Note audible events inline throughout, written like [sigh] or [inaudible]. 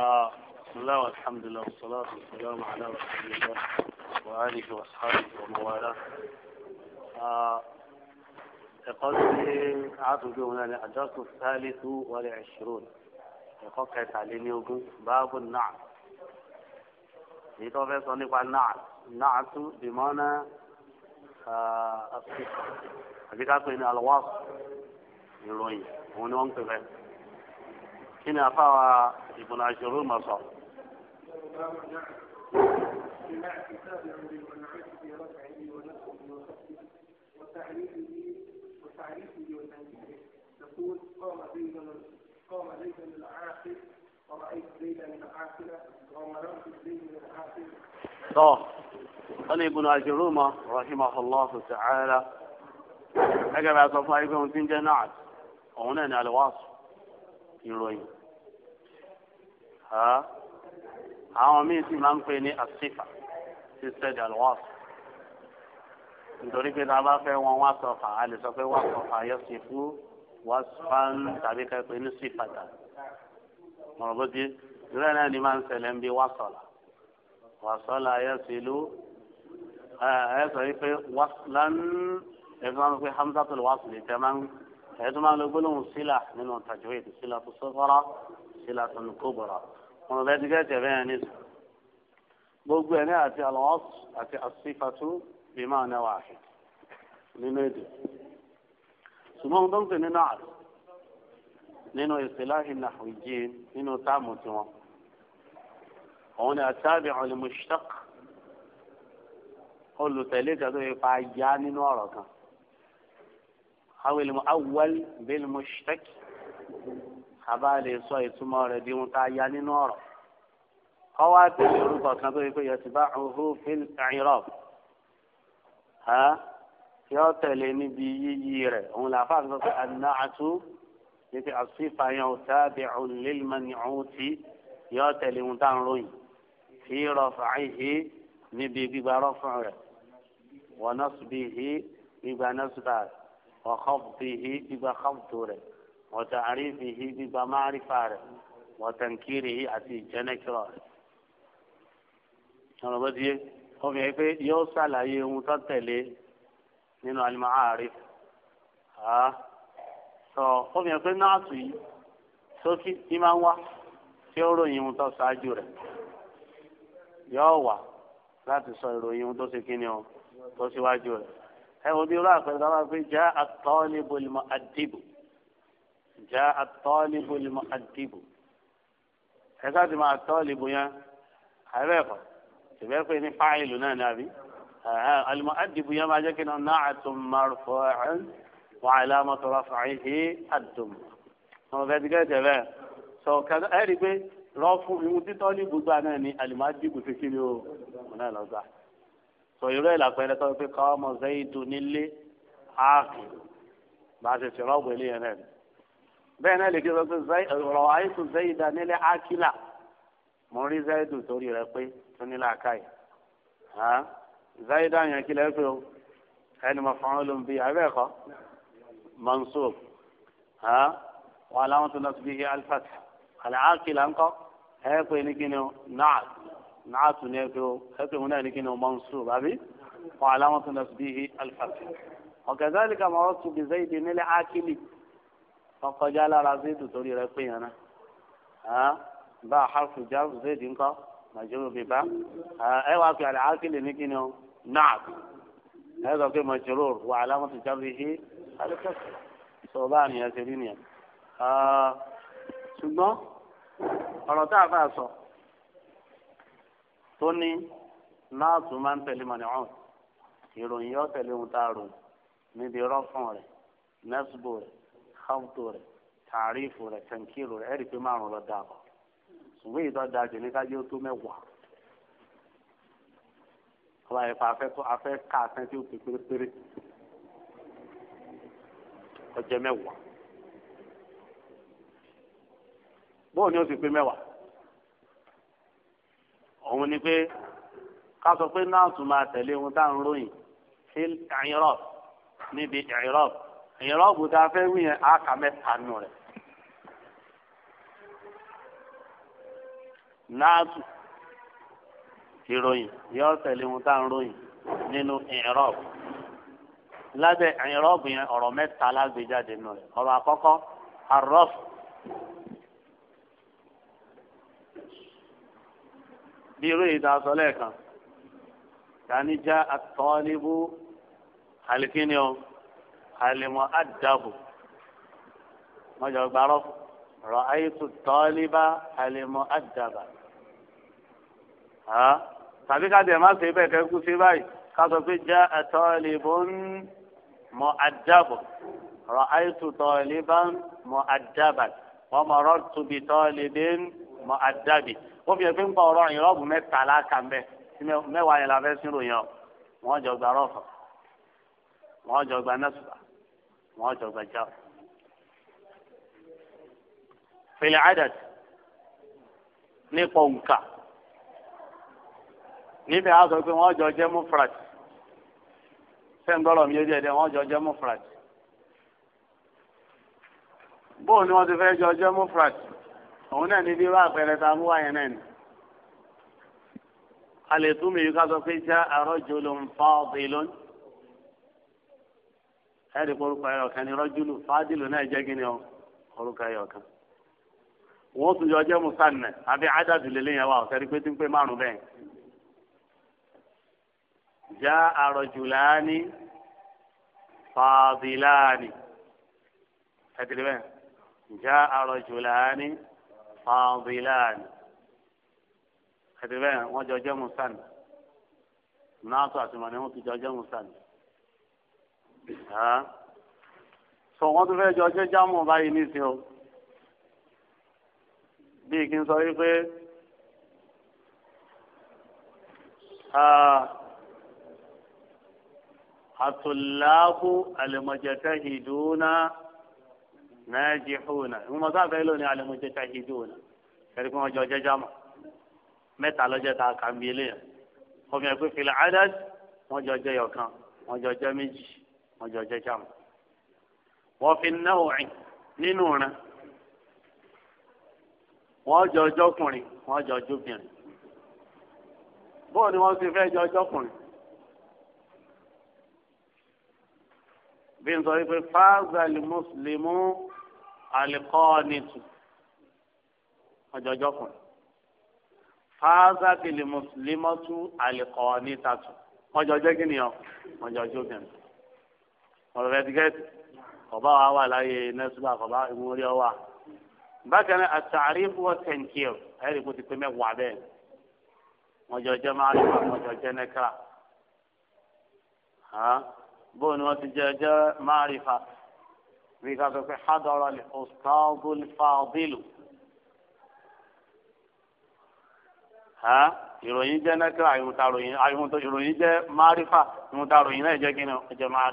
بسم الله والحمد لله والصلاة والسلام على رسول الله وآله وأصحابه ومن والاه ẹ̀kọ́ tí àtúntò wọn ni àjọsùn sáàlìsù wọlé ẹ̀ṣirún ẹ̀kọ́ kẹtàlélógún báàbù náà èyí tó fẹ́ sọ nípa náà náà tún bìmọ́nà àti kápẹ́ ní alwọ́s ìròyìn òun ni wọ́n ń pè bẹ́ẹ̀ kí ni àfáwà. يكون عشر شهور ما صار قام قال ابن أجرومة رحمه الله تعالى أجب على صفائكم تنجى نعت وهنا الوصف يروي àwọn míì sì máa ń pè ní àṣìfà sísẹ dàlúwàs nítorí pé tá a bá fẹ́ wọn wá sọfà a lè sọ pé wá sọfà yọ sí fún wá sọfàn tàbí ká pè ní sífàtà mọ̀rọ̀ bó ti ìrẹ́ náà ni máa ń ṣẹlẹ̀ ń bí wá sọ̀la wá sọ̀la yọ sí ìlú ẹ sọ wípé wàsílán ẹ fi máa ń pè hamzatul wàsí lè tẹ́ máa ń ẹ tó máa ń lo gbólóhùn sílà nínú tajwid sílà tó sọ́kọ́rọ́ sílà tó ń kóbọ̀rọ̀. ونبادئ بمعنى واحد لماذا ثم ننظر لنعرف لأنه إصلاح النحويين لأنه تام وتمام هنا المشتق قل له ثلاثة ذو فعيان ورقة هو المؤول بالمشتك àbá lè sọ ìtumọ̀ rẹ̀ bí wọn ká ya nínú ọ̀rọ̀ ọwọ́ àtẹ̀lé orúkọ kan tó yẹ pé yọtìbá òhù fíl ìrọ̀ yọ tẹ̀lé níbi yíyí rẹ̀ òun làfà sọ pé àná àtú yìí àṣìfà yẹn ò sábẹ̀ òun lélẹ̀ ní òun tí yọ tẹ̀lé wọn táwọn ròyìn fi rọ̀fà ìhí níbi gbígbà rọ̀fà rẹ̀ wọ́n nọ́ọ̀sì bíi ìhí gbígbà nọ́ọ̀sì rẹ̀ wọ́n xọ́ọ̀bù bíi ìhí gbígbà xọ́ọ̀bù rẹ̀ wọ́tà àríbìhì bíbá márífà rẹ̀ wọ́tà nkírìhì àti ìjẹ́nẹ́kìrọ̀ rẹ̀. ọ̀rọ̀ bó ti yé wọ́n fi hàn pé yóò ṣàlàyé ohun tó tẹ̀lé nínú alimọ̀ àárẹ̀ sọ wọ́n fi hàn pé náà tù yìí sókí ní máa ń wá tí ó ròyìn ohun tó ṣáájú rẹ̀ yóò wà láti sọ ìròyìn ohun tó ṣe kí ni o tó ṣíwájú rẹ̀ ẹ wo bí irú àpẹẹrẹ wọn pé já àtọ́ níbo ni mo àdìbò já àtọ́lìbù ni mo àdìbò ẹ̀ka ti máa tọ́lìbù yẹn àárẹ̀ kọ́ tìbẹ́ pé ní fáìlù náà ni àbí àlùmọ́ àdìbò yẹn máa jẹ́ kí náà náà àtúmọ̀rọ̀fọ̀ wàhálà mọ́tòrọ̀fọ̀ àìhí àdùm ọmọ bẹ́ẹ̀ ti gẹ́gẹ́ bẹ́ẹ̀ sọ kẹta ẹ̀ rí i pé rọ́ọ̀fù ìhun títọ́ ní gbogbo àná ni àlùmọ́ àdìbò ti kí ni o mo náà lọ gbà sọ irú ẹ̀ làpẹẹrẹ tó fi kọ́ ọmọ zayidu nílé áàkì bá a ṣe ṣe rọ́ọ̀bù ilé yẹn náà bẹ́ẹ̀ náà lè kí sọ pé ọ̀rọ̀ àìsùn zayida nílẹ̀ akila mo rí zayidu torí rẹ pé tó nílẹ̀ akáyì zayida yẹn kí lẹ́yìn pé o ẹni mo fọ́n ló ń bí abẹ́ kọ́ mansour wà láwọn tó náà bí alifat àlẹ́ akila ńkọ́ ẹ ní kí ni o náà náà tún ní ẹ o ẹ pé náà ní kí ni o mansour àbí wà láwọn tó náà bí alifat ọ̀kẹ́ zayida kà máa wọ́n tún bí zayidi nílẹ̀ akili ọkọjá lára zéèdù torí rẹ pé yẹn náà bá a harfu já zéèdù ńkọ màjúrù bíbá ẹ wá pé àlẹ́ ákìlì ní kíni o náàb ẹ sọ pé màjúrù wà alámọ̀tò jáde ṣe àlùkẹ́sì sọ bá nìyẹn ṣe rí nìyẹn. ṣùgbọ́n ọ̀rọ̀ tá a fà sọ tó ní náà máa ń tẹ̀lé mọ̀nì ọ̀hún ìròyìn yóò tẹ̀lé ohun tá a rò níbi rọ́fọ̀n rẹ̀ nẹ́sìbò rẹ̀ káwùtò rẹ̀ tààrífù rẹ̀ tẹ̀ǹkìlù rẹ̀ ẹ̀rì pé márùn lọ dáa kọ ṣùgbọ́n ìtọ́ da jù ní kájí ó tó mẹ́wàá ọba ìfà afẹ́ ká afẹ́ tí ó pè pérépéré ọjọ́ mẹ́wàá bóun ni ó ti pé mẹ́wàá òun ni pé ká sọ pé náà tún máa tẹ̀lé ohun tá à ń ròyìn sí ìrọ̀ níbi ìrọ̀ ìrọ̀ ọ̀bùdá fẹ́ wí yẹn àkà mẹ́ta nù rẹ̀. náàtù ìròyìn yóò tẹ̀lé ohun tá à ń ròyìn nínú ìrọ̀ lábẹ́ ìrọ̀ ọ̀bù yẹn ọ̀rọ̀ mẹ́ta lágbèjáde nù rẹ̀ ọ̀rọ̀ àkọ́kọ́ àrọ́fù. bí irú ìdá sọ lẹ́ẹ̀kan tani já àtọ́lébú àlìkíni ọ̀hún àlèmọ àdàbò wọn jọ gbàrọ rọ àyètò tọ́líbà àlèmọ àdàbà tàbí ká tẹ̀ má ṣe bẹ́ẹ̀ kẹ́kú sí báyìí ká sọ pé jẹ́ àtọ́líbò ń mọ àdàbò rọ àyètò tọ́líbà mọ àdàbà wọn mọ ọ̀rọ̀ tóbi mọ àdàbì ó fi ẹgbẹ́ ń pa ọ̀rọ̀ ìrọ́bù mẹ́tàlá kan bẹ́ẹ̀ mẹ́wàá yẹn la fẹ́ sínú yẹn o wọ́n jọ gba rọ́ọ̀fọ̀ wọ́n jọ gba nẹ́sùbà wọn jọ gbàjà. fìlẹ̀ àdàd nípa òǹkà níbi àwọn sọ pé wọn jọ jẹ́ mufrat sẹ́ńgọ́rọ̀ mi yé díẹ̀ díẹ̀ wọn jọ jẹ́ mufrat bóun ni wọ́n ti fẹ́ jọ jẹ́ mufrat òun náà ní bí wá àpẹẹrẹ tá a mú wáyé náà ni alẹ́ tún mi yìí ká sọ pé já àrọ́jò ló ń fa ọ̀bẹ lónìí ẹ̀rí orúkọ ẹyọ kan ni rọ́júlù fádìlù náà jẹ́ kí ni ọ orúkọ ẹyọ kan. wọ́n tún yọ jẹ́ musanna àbí ádàdúlélé yẹn wà ọ̀sẹ̀ rí pé tí ń pé márùn bẹ́ẹ̀. já àròjùláni fàdìláni ẹ̀tìrì bẹ́ẹ̀ já àròjùláni fàdìláni ẹ̀tìrì bẹ́ẹ̀ wọ́n jọ jẹ́ musanna sọ wọ́n tún fẹ́ jọ ṣé jámù báyìí nísìnyí o bíi kí n sọ wípé àtùláàbù àlùmọ̀jẹ̀tẹ̀hìdùnà nàìjíríà ìwọ̀n sáfẹ́ lónìí àlùmọ̀jẹ̀tẹ̀hìdùnà kẹ́rì kí wọ́n jọ ṣé jámù mẹ́ta lọ́jọ́ ta kàmbílẹ̀ ọmọ ẹgbẹ́ fìlà ádàd wọ́n jọ jẹ́ yọ̀kan wọ́n jọ jẹ́ méjì wọ́n jọ jẹ́ jáàmù. wọ́n fi náwó rìn nínú rìn wọ́n jọ ọjọ́kùnrin wọ́n jọ ọjọ́bìnrin. bóò ni wọ́n ti fẹ́ jọ ọjọ́kùnrin. bí n sọ wípé fáàzà mùsùlùmù alikọ́ọ̀nìtù wọ́n jọ ọjọ́kùnrin. fáàzà mùsùlùmù alikọ́ọ̀nìtàtù wọ́n jọ ọjọ́ kí ni ọ wọ́n jọ ọ̀rọ̀ rẹ ti gẹ́tì kọ̀bá wa wà láyé nẹ́sùbà kọ̀bá ìmúrí ọ̀wà. bákan náà àtàrí wọ́n tẹ̀ǹkì ọ̀ ẹ̀rì kò ti pé mẹ́wàá bẹ́ẹ̀ wọ́n jọ jẹ́ máa lọ wọ́n jọ jẹ́ nẹ́kàrà. bóun ni wọ́n ti jẹ́ jẹ́ máa rí fa bí ká sọ pé hadara lè ọ̀stáàbùl fàdílù. ìròyìn jẹ́ nẹ́kàrà ìròyìn jẹ́ máa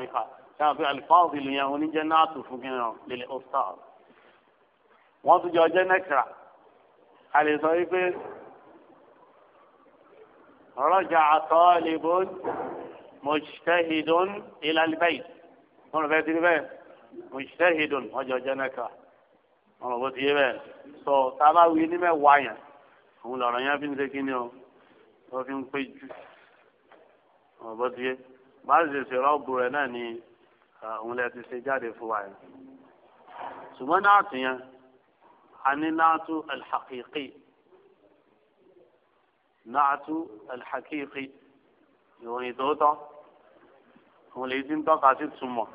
rí fa sáà pé alifáàsì lè yan oníjẹ náà tó fún kí wọn lè ọsàl wọn tún jẹ ọjẹ nẹkra a lè sọ wípé rọjà àtọ lèbo mọṣtẹhìdùn ìlàlìbẹyì wọn lọ fẹẹ ti rí bẹ́ẹ̀ mọṣtẹhìdùn ọjọ ọjẹ nẹkra wọn lọ bó ti yé bẹ́ẹ̀ sọ tábà wí ní mẹ́wàá yẹn òun lọ̀rọ̀ yẹn fi ń ṣe kí ni o wọn fi ń pé jù wọn bó ti yé bá ṣe ṣe rọọbù rẹ náà ni. òun lẹ ti ṣe jáde fún wa yẹn ṣùgbọ́n náà tún yẹn a ní náà tún alḥaqiqi náà tún alḥaqiqi ìròyìn tòótọ́ òun lè ti ń tọ́ka sí túmọ̀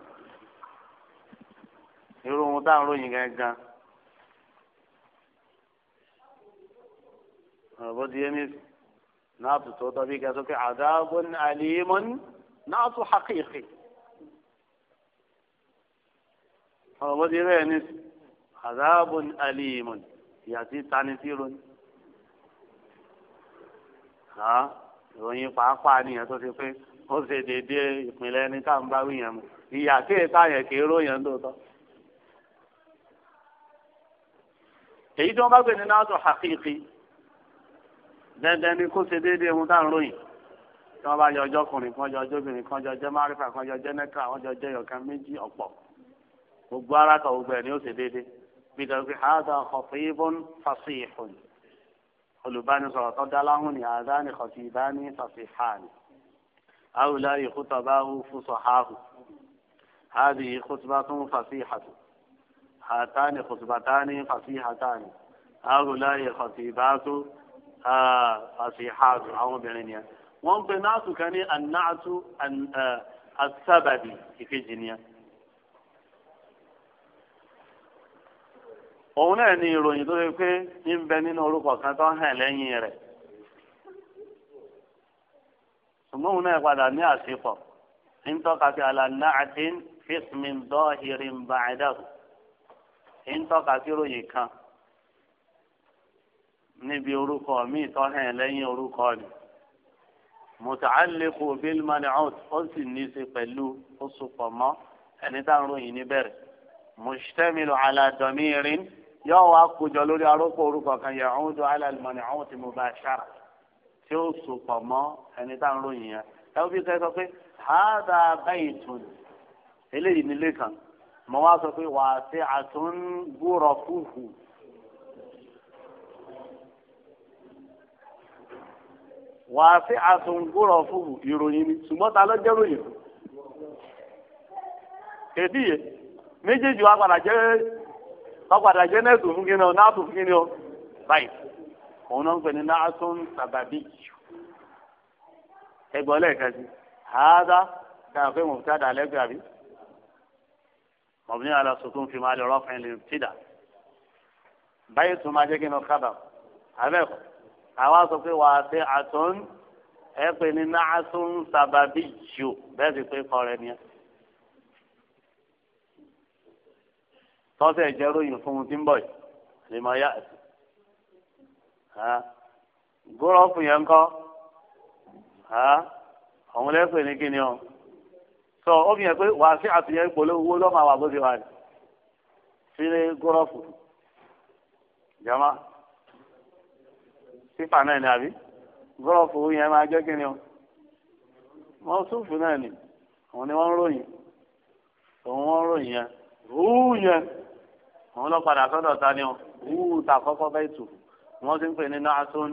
irú ohun tá à ń ròyìn gangan. bó ti yé ní náà tún tòótọ́ bí kẹsókè àdáàbò àlìmọ́ náà tún haqiqi. ọ̀rọ̀ bó ti rẹ̀ ní azabun alimun ìyá tí tani sí ronú. ìròyìn pàápàá nìyẹn tó ti pé ó ṣe déédéé ìpínlẹ̀ ẹni tá à ń bá wí yẹn mu ìyá tí èta yẹn kì í ròyìn lóòótọ́. èyí tí wọ́n bá gbé ní náàtò hakiki dandan ni kó ṣe déédéé ohun tá à ń ròyìn tí wọ́n bá yọ ọjọ́ ọkùnrin kan jọ ọjọ́ obìnrin kan jọ ọjọ́ márífà kan jọ ọjọ́ nẹ́kà kan jọ ọjọ́ ìyọ̀kan méjì ọ̀pọ̀ gbogbo ara kan gbogbo ẹ̀ ni ó ṣe déédéé bí kan fi hàdà khatibun fasihun olùbánisọ̀rọ̀ tó dá láhùn ní àdá ní khatibani fasihani هؤلاء خطباه فصحاه هذه خطبة فصيحة هاتان خطبتان فصيحتان هؤلاء خطيبات فصيحات أو بعنية وانطناعتك أن النعت السببي في جنيه òun náà ni ìròyìn tó ṣe pé ń bẹ nínú orúkọ kan tó ń hàn lẹ́yìn rẹ̀ ṣùgbọ́n òun náà padà ní àṣepọ̀ ń tọ́ka sí àlànà àti fíìsìmìn dọ́ọ̀hìrìn bàdàkù ń tọ́ka sí ìròyìn kan níbi orúkọ míì tó hàn lẹ́yìn orúkọ ni mùtàálẹ́kù bílmánì ọ̀t ó sì ní í ṣe pẹ̀lú ó sopọ̀ mọ́ ẹni tá ń ròyìn níbẹ̀rẹ̀ mùsítẹ́mìlú aládọ́mírin yóò wá kójọ lórí arúgbó orúkọ kan yẹ ọ̀hún tó alálùmọ́ni ọ̀hún tí mo bá ṣára tí ó so pọ̀ mọ́ ẹni tá à ń ròyìn yẹn ẹ bí sẹ́ sọ pé hàdà báyìí tún eléyìí nílé kan mo wá sọ pé wàá sí àtún gbúrọ̀ fúfú. wàá sí àtún fúfú ìròyìn ni ṣùgbọ́n ta ló jẹ́ ròyìn. kèdíye méjèèjì wa padà jẹ́ tọ́padà jẹ́ nẹ́ẹ̀sì fún kí ni ọ náàtù fún kí ni ọ báyìí òun náà ń pè ní náàtù ń sàbàbí ẹgbọ́n lẹ́ẹ̀kan sí hàádá táwọn pé mọ̀tí àdá lẹ́gbẹ̀ẹ́ àbí mọ̀bí ní alásùkún fi máa lè rọ́fìn lè tìdà báyìí tún máa jẹ́ kí ni ọ kábà àbẹ́ẹ̀kọ́ àwa sọ pé wàá ṣe àtún ẹ pè ní náàtù sàbàbí jù bẹ́ẹ̀ sì pé kọ́ rẹ nìyẹn. tọ́sẹ̀ jẹ́ ròyìn fún un tí ń bọ̀ yìí lè máa yá ẹ̀sìn. gúrọ́ọ̀fù yẹn kọ́ àwọn lẹ́pẹ̀ ní kíni o sọ ó pé wàá sí àtúnyẹ ìpolówó lọ́mọ àwọn àbóṣe wa ni sílé gúrọ́ọ̀fù jama sífà náà ni àbí gúrọ́ọ̀fù yẹn máa jẹ́ kíni o mọ́sùfù náà ni òun ni wọ́n ń ròyìn òun wọ́n ń ròyìn yẹn rúù yẹn àwọn ọlọ́padà sọ́dọ̀ ta ni o wúwú ta kọ́kọ́ bẹ́ẹ̀ tù wọ́n ti ń pè ní náàtún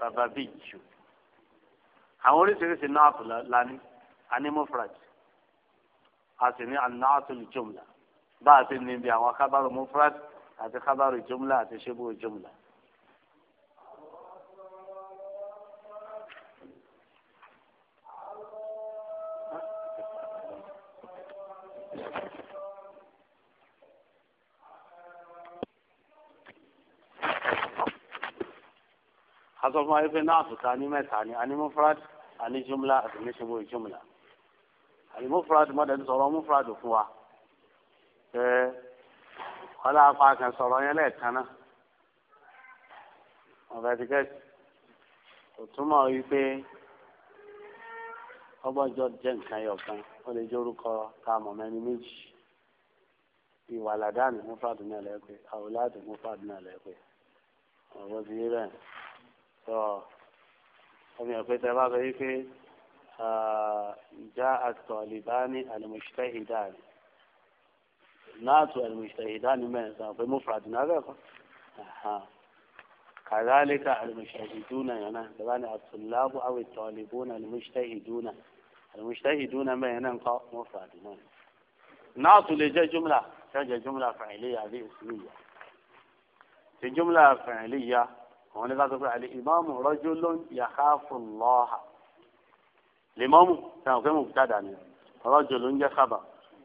bàbá bíi jù àwọn oríṣiríṣi náàtù lání animofrad a sì ní anáàtù jùmùlà bá a ti ní bí àwọn kábàrò mufrad àti kábàrò jùmùlà àti ṣébù jumla a sọ fún wa pé náà sùkà ní mẹ́ta ni àní mufrad àní jumla àti níṣẹ́bù jumla àní mufrad fún wa ẹ ọlá apá kan sọ̀rọ̀ yẹn lẹ́ẹ̀kan náà ọ̀gá ti kẹ́sì kò túmọ̀ wípé ọgbọ́njọ́ jẹ́ nǹkan ẹyọ kan ó lè jẹ́ orúkọ ká mọ̀ mẹ́ni méjì ìwà làdáni mufrad náà lẹ́ẹ̀pẹ́ àwòlá mufrad náà lẹ́ẹ̀pẹ́ ọ̀gbọ́n ti yé bẹ́ẹ̀. فمن أفضل الله بيك آه، جاء الطالبان المجتهدان ناتو المجتهدان من في مفرد نغاق كذلك المجتهدون يعني دعاني الطلاب أو الطالبون المجتهدون المجتهدون ما هنا مفرد ناتو لجا جملة جملة فعلية هذه اسمية في جملة فعلية àwọn ní káàtó pé àlè ìmáàmù rọ́jò ló ń yàká fún lọ́ha lèmọ́mù táwọn fẹ́ mú kúta dání rọ́jò ló ń jẹ́ kábà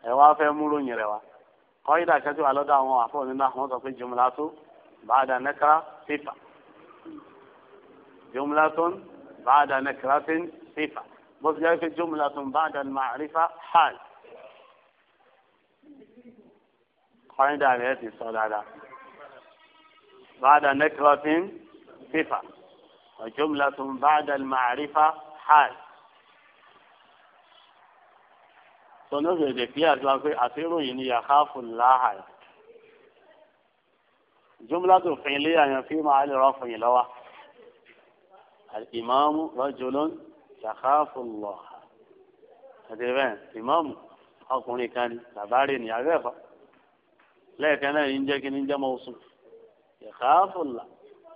ẹ̀ wá fẹ́ mú ròyìn rẹ̀ wá kọ́ídà kẹ́tù alọ́dọ̀ àwọn àfọ̀ nínú àwọn sọ pé jùmùlá tó bàdà nẹ́kàrà sífà jùmùlá tó bàdà nẹ́kàrà sífà bó ti jẹ́ pé jùmùlá tó bàdà màrífà hàl kọ́ídà rẹ̀ ti sọ dáadáa bàdà nẹ́kàrà sífà. صفة وجملة بعد المعرفة حال sọlọ́sọ̀ èdè pé àti wáá pé àtẹ́rò yìí ni yàrá fún láhà jumla tó fin lé àyàn fi máa lè rọ fún yìí lọ́wọ́ ìmáàmù rọ́jòlón yàrá fún lọ́hà àti bẹ́ẹ̀ ìmáàmù ọkùnrin kan ni làbárè ni àbẹ́ẹ̀fọ́ lẹ́ẹ̀kan náà ní jẹ́ kí ní jẹ́ mọ́ sùn yàrá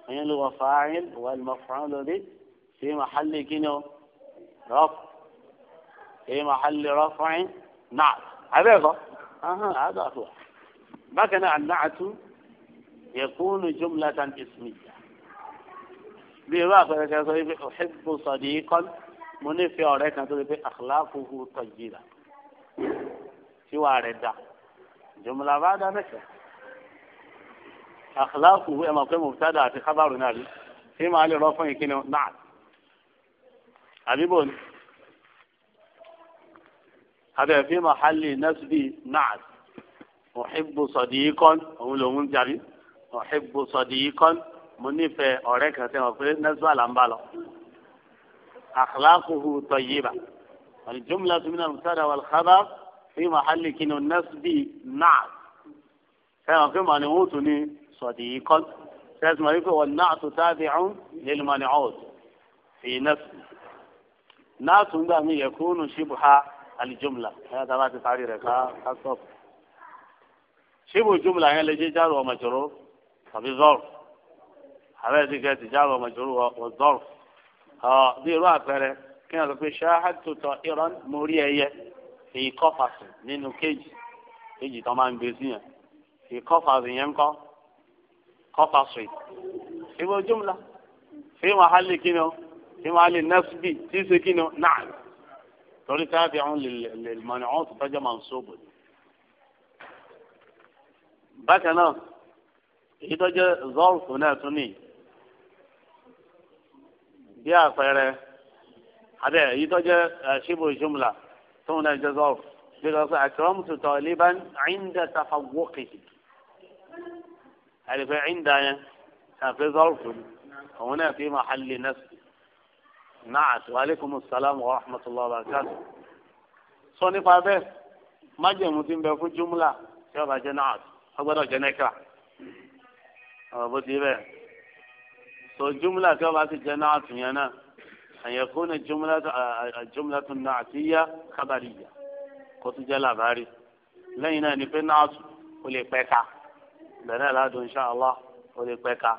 ìyẹn ló wọ fàáyìn wà lọ fàáyìn lórí sí màhálì kíni o rọf sí màhálì rọfàáyìn náà abẹ́ẹ̀kọ́ àádọ́tò bákan náà àdáàtú yẹkùnú jumlatan ismiya bí irú àpẹẹrẹ kan sọ wípé òhìbù sọdí kọ́n mo nífẹ̀ẹ́ ọ̀rẹ́ kan tó wípé àkàlàkùkù tọ̀jìlá tíwà rẹ̀ dà jumla bá dá mẹ́sàn-án àkàláàfù ẹ̀ máa pẹ́ mọ̀tádà àti kábàrù náà rí ṣé máa lè rọ́ fún ìkíni náà àbíbò ni abẹ́ fi mahali nasbi náà ọ̀hìbù sọ̀dìyíkọ́n òun lòun jarí ọ̀hìbù sọ̀dìyíkọ́n mo nífẹ̀ẹ́ ọ̀rẹ́ kan sẹ́wọ̀n pé nasba là ń bá lọ àkàláàfù tọ̀yìbà àlùjọ́mùlá tó mìíràn mọ̀tádà wà lọ́kàbà fi mahali kíni nasbi náà sẹ́wọ̀n pé màá ni wọ́n tún ní. صديقا لازم يكون والنعت تابع للمنعوت في نفسه نعت دائما يكون شبه الجملة هذا ما تعريرك خاصة شبه الجملة هي يعني اللي جار ومجرور ففي ظرف حبايبي جار ومجرور والظرف اه دي رأى كان يقول شاهدت طائرا مريئا في قفص من كيج كيج طبعا بيزنيا في قفص ينقى قطع شيء هو جملة في محل كينو في محل النسب تيس كينو نعم تولي تابعون للمنعوت فجا منصوب بك انا اذا جا ظرف ناتني بيا فيره هذا اذا إيه جا شبه جملة ثم جاء ظرف بقصة أكرمت طالبا عند تفوقه ألف ìndà yẹn tàbí zọ́ọ̀fù òun náà fi máa halli nẹ́sì náà àtiwálẹ́kùn mùsàlámù wa rahmatulah wa barakatu. sọ nípa bẹ́ẹ̀ májèmú ti ń bẹ fún jumla tí ọba jẹ́ náà ọgbọ́dọ̀ jẹ́ nẹ́kà ọ̀rọ̀ bó ti bẹ́ẹ̀. sọ jumla tí ọba ti jẹ́ náà tún yẹn náà àyẹ̀kún jumla tún náà àti kó tún jẹ́ làbárí lẹ́yìn náà ni pé náà tún lè pẹ́ ká bẹ̀rẹ̀ aládùn insha Allah ó lè pẹ́ ká.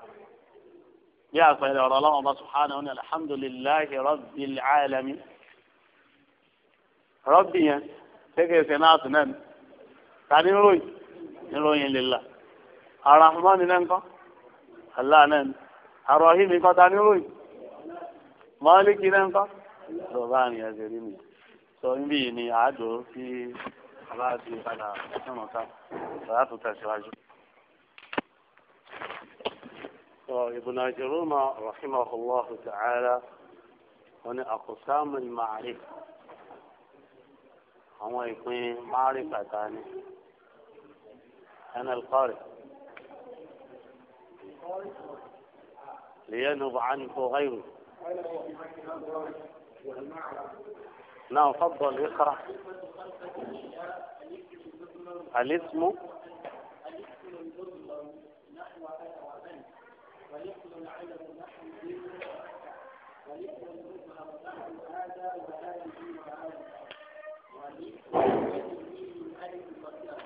bí àpẹẹrẹ ọ̀rọ̀ ọlọ́run ọba subhanahu ní alhamdulillahi rabbil alamin. rọ́bì yẹn kékeré náà tún náà tani ròyìn níròyìn lillah. arahman náà nǹkan allah náà ni. arahim nǹkan tani ròyìn. mọ́lìkì náà nǹkan. lọ́ba àrùn yẹn ṣe rí mi. sọ níbí ni àádọ́ sí abáàbí padà sọ̀rọ̀ ká. sọ̀rọ̀ àtúntà síwájú. ابن جرومة رحمه الله تعالى هنا أقسام المعرفة هو يكون معرفة تاني أنا القارئ لينب عنه غيره نعم فضل اقرأ الاسم على دينه هذا وهذه وهذا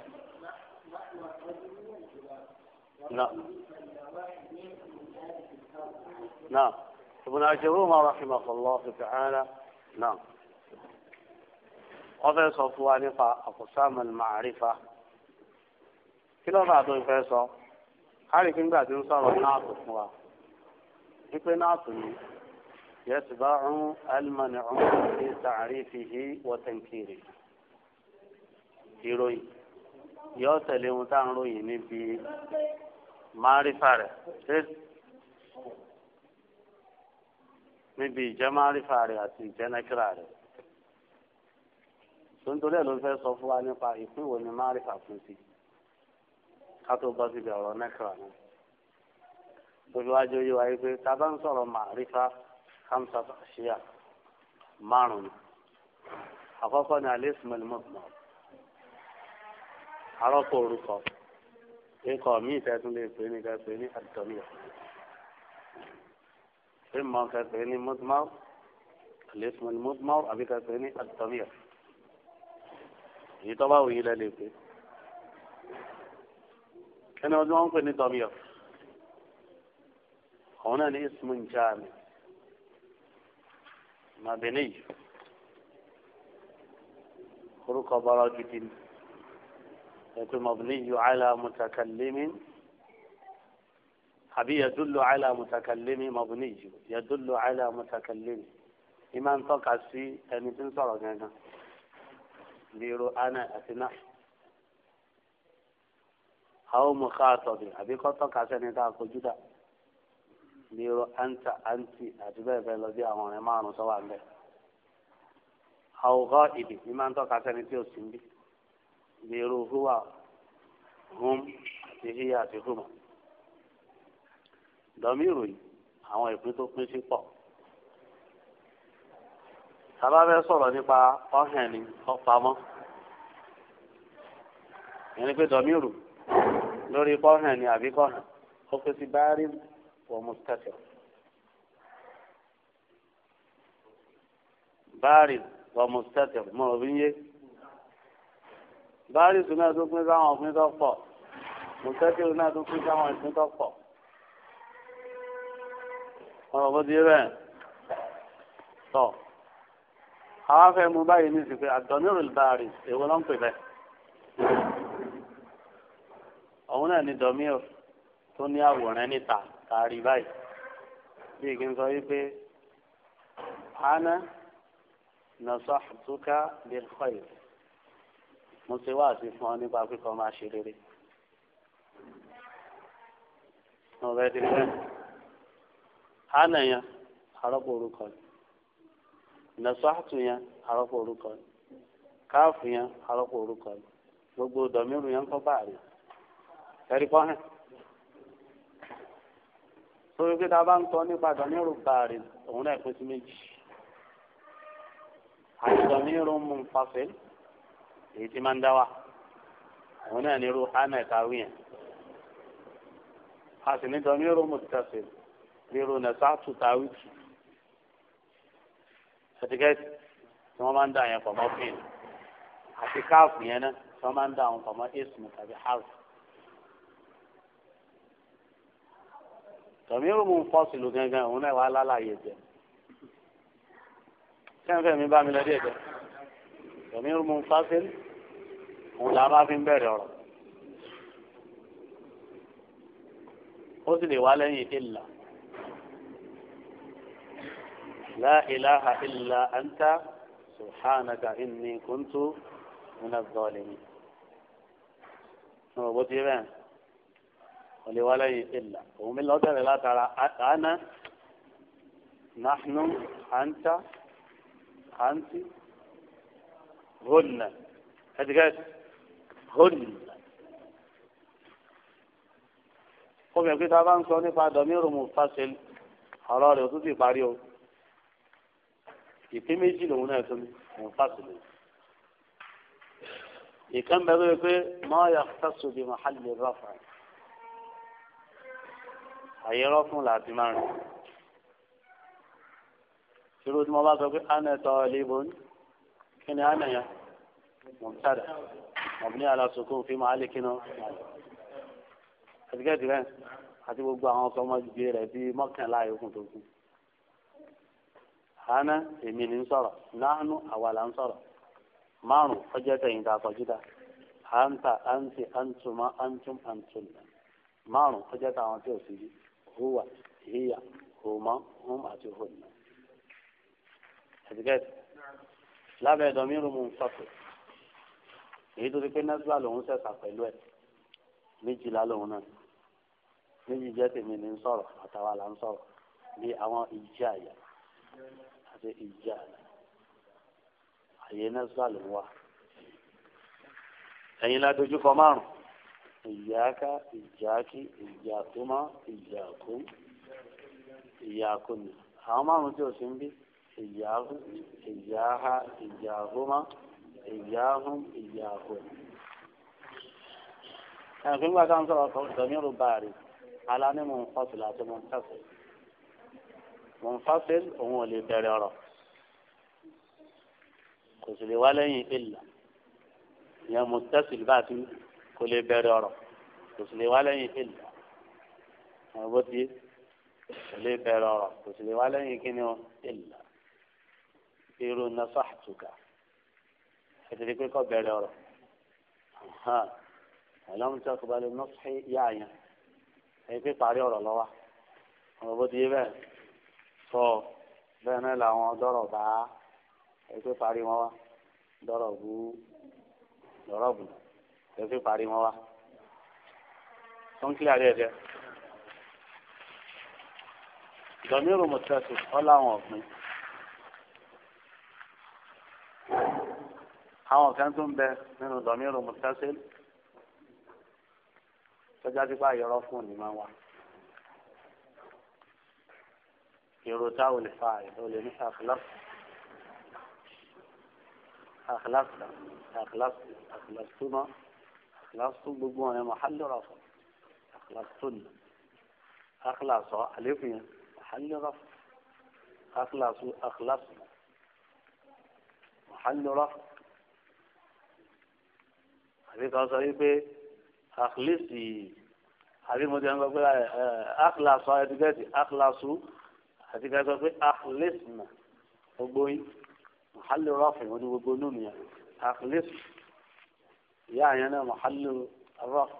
نعم نعم ابن عجرومة رحمه الله تعالى نعم قضى صوت وانقى أقسام المعرفة كلا بعض màrífà àríkí ńgbà tí ń sọ̀rọ̀ náàtù fún wa wípé náàtù ni yẹtùbáhù alimanihu ní tàrífìhì wọ́tẹ̀ǹkìrì ìròyìn yóò tẹ̀lé ohun tá à ń ròyìn níbi márífà rẹ̀ níbi ìjẹ́ márífà àti ìjẹ́ nẹ́kírà rẹ̀ tó ń torí ẹ̀ ló ń fẹ́ sọ fún wa nípa ìpínwó ni márífà fún sí kátó bọ́ síbi ọ̀rọ̀ nẹ́kìrà náà gbogbo wájú yìí wáyé pé tá a bá ń sọ̀rọ̀ màrífà hamsa ṣíà márùn-ún àkọ́kọ́ ni alẹ́ ismail mọ́tìmọ́ arọ́pò orúkọ ikọ̀ míì tẹ́tún lè pè ní kẹ́pẹ́ ní àtọ́lẹ̀ ìmọ̀ kẹ́pẹ́ ní mọ́tìmọ́ alẹ́ ismail mọ́tìmọ́ àbí kẹ́pẹ́ ní àtọ́lẹ̀ èyí tó bá wù yín lẹ́ ẹni ọdún wọn ń pè ní dọmíọ àwọn náà ní ismu njaami màbẹ̀ni yìí orúkọ bọ́lá gidi ni ẹ̀pẹ́ màbẹ̀ni yìí ala mutakallimin àbí yadullu ala mutakallimi màbẹ̀ni yìí yadullu ala mutakallimi ìmọ̀ ń tọ́ka sí ẹni tí ń sọ̀rọ̀ gangan bí irú ana àti náà àwọn mùkàtọ̀bì àbí kọ́tọ́ kásẹ́ni tá a kojú dà ní irú àǹtà àǹtì àti bẹ́ẹ̀ bẹ́ẹ̀ lọ bí àwọn ọ̀rẹ́ márùn sọ́wọ́ àgbẹ̀. àwòkọ́ ìdì ní máa ń tọ́ka sẹ́ni tí ò sí ń bí bí irú húwà hum àti híyà àti húmọ̀. dọ̀mí ìròyìn àwọn ìpín tó pín sí pọ̀. sábà fẹ́ sọ̀rọ̀ nípa ọ̀hẹ́ni ọ̀pamọ́. ìyẹn ni pé dọ̀mí ìròyìn lórí kọ́hàn ni àbí kọ́hàn ó pè sí báárí wọ mùsítàtẹ̀. báárí wọ mùsítàtẹ̀ mo rò bí ń yé báárí sùn náà tó pín sáwọn òfin tó pọ̀ mùsítàtẹ̀ náà tó pín sáwọn òfin tó pọ̀ mo rò bó ti rẹ̀ tọ̀ àwọn afẹ́ mu báyìí ní ìsìnkú àdánù rẹ̀ èwo ló ń pè bẹ́ẹ̀. náà ni dọ́míọ̀ tó ní àwòrán níta kárí báyìí bí kí n sọ wípé ana nasahtuka bil khair mo ṣe wá àti fún ọ nípa pípọ̀ máa ṣe rere. ọ̀rẹ́ ti rẹ̀ ana yẹn arọ́pò orúkọ ni nasahtu yẹn arọ́pò orúkọ ni káàfù yẹn arọ́pò orúkọ ni gbogbo dọ̀míru yẹn ń kọ́ báàrí ẹ̀rí pọ́ hàn. sórí pé tá a bá ń tọ́ nípa dọ̀míìrù bàárì òun náà pín sí méjì. àti dọ̀míìrù mú fàfẹ́ èyí tí máa ń dá wa òun náà nírú hánà ìtàwé yẹn. a sì ní dọ̀míìrù mú tẹ̀sẹ̀ rírun nàṣàtù tàwí tù. ẹ̀tíkẹ́tì tí wọ́n máa ń dà yẹn pọ̀ mọ́ fíìmù àti káàfù yẹn náà tí wọ́n máa ń dà wọn pọ̀ mọ́ èsùn tàbí hàrù. tọ̀mí ó mú fọ́ọ̀sì lò gangan òun náà wà lálàyé jẹ sẹ́ńfẹ̀ mi bá mi lọ díẹ̀ jẹ tọ̀mí ó mú fọ́ọ̀sì òun là bá fi ń bẹ̀rẹ̀ ọ̀rọ̀ ó sì lè wá lẹ́yìn ìlà la ilaha illa anta subhanaka inni kuntu min az-zalimin. Ọ̀bọ̀ ti bẹ́ẹ̀. ولولي إلا ومن الأدب لا ترى أنا نحن أنت أنت هن هتجاز هن قم يبقى طبعا سوني فادمير منفصل حراري وتوتي باريو يتم يجي لهنا يتم منفصل يكمل يقول ما يختص بمحل الرفع àyẹ̀rọ fún làbí máa rìn irú tí mo bá sọ pé ana tọ́ ilé ibo ní kí ni ana yẹn mọ̀tàdà mọ̀bìnrin alásòkò fi máa lè kíná àtìkẹ́tì rẹ̀ àti gbogbo àwọn ọkọ̀ ọmọ gbé rẹ̀ bíi mọ́kànlá yòókù tó kù ana èmi ni ń sọ̀rọ̀ nánú àwa là ń sọ̀rọ̀ márùn ọjọ́ tẹ̀yìn tá a kọjú ta anta anti antuma antum antum márùn ọjọ́ táwọn tí ò sí yìí húwà híyà hùmọ́ hùm àti hùnà. ẹ̀dígẹ́sì lábẹ́ ìdánmírù mú un sọ̀tò èyí tó ti pé nẹ́sìlá lòún sẹ̀sà pẹ̀lú ẹ̀ méjìlá lòún náà méjì jẹ́ tèmi ní sọ̀rọ̀ àtàwa là ń sọ̀rọ̀ bí àwọn ìjà àyà àti ìjà àyà àyè nẹ́sìlá lòún wà ẹ̀yin la dojú kọ márùn-ún ìyáka ìjákí ìjàkúmá ìjàkú ìyàkúnì àwọn márùn tí ó sì ń bí ìyáhùn ìyáha ìjàkúmá ìyáhùn ìyàkúnì. ẹnìkan gbà tá à ń sọ̀rọ̀ kan dọ̀míru báàrí alání mò ń fọ́sìl àti mò ń fẹ́sìl mò ń fọ́sìl òun ò lè bẹ̀rẹ̀ ọ̀rọ̀ kò sì lè wá lẹ́yìn ìlà ìyẹn mò bá ti ń kò lè bẹ̀rẹ̀ ọ̀rọ̀ kò sì lè wá lẹ́yìn ìlà àwọn bó ti kò lè bẹ̀rẹ̀ ọ̀rọ̀ kò sì lè wá lẹ́yìn kíni o ìlà irú nasahtuka ẹtìrí pé kò bẹ̀rẹ̀ ọ̀rọ̀ ọlọ́mùtí ọkùnbalẹ̀ nọ́ọ̀sì yáàyàn ẹ̀yìn pé parí ọ̀rọ̀ lọ́wọ́ àwọn bó ti yé bẹ́ẹ̀ sọ bẹ́ẹ̀ náà làwọn dọ́rọ̀ bá ẹ̀yìn pé parí wọn wá dọ́rọ̀ bú dọ́rọ̀ bù náà tẹ̀sí parí wọn wá tó ń kílẹ̀ àdéhùn dọ̀míìrù mọ̀tẹ́sì ọ̀làwọn ọ̀gbìn àwọn kan tó ń bẹ nínú dọ̀míìrù mọ̀tẹ́sì tọ́jà tí bá yọrọ fún òní máa wà èrò táwọn lè fa àìsàn lè ní àkìlọ́sì àkìlọ́sì àkìlọ́sì àkìlọ́sì tó náà àkìlásó gbogbo wọn yẹn mọ̀hálẹ́rọ̀ fún àkìlásó ni àkìlásọ àlékún yẹn mọ̀hálẹ́rọ̀ fún àkìlásó àkìlásó mọ̀hálẹ́rọ̀ fún àbí kan sọ wípé àkìlẹ́sì àbí mo ti ń gbọ́ pé àkìlásọ ẹ̀dùgẹ́sì àkìlásó àti ká sọ pé àkìlẹ́sì náà gbogbo yín mọ̀hálẹ́rọ̀ fún ìwọ́n ní gbogbo nù nìyẹn àkìlẹ́sì ìyá àyàn náà mọ̀hálù rock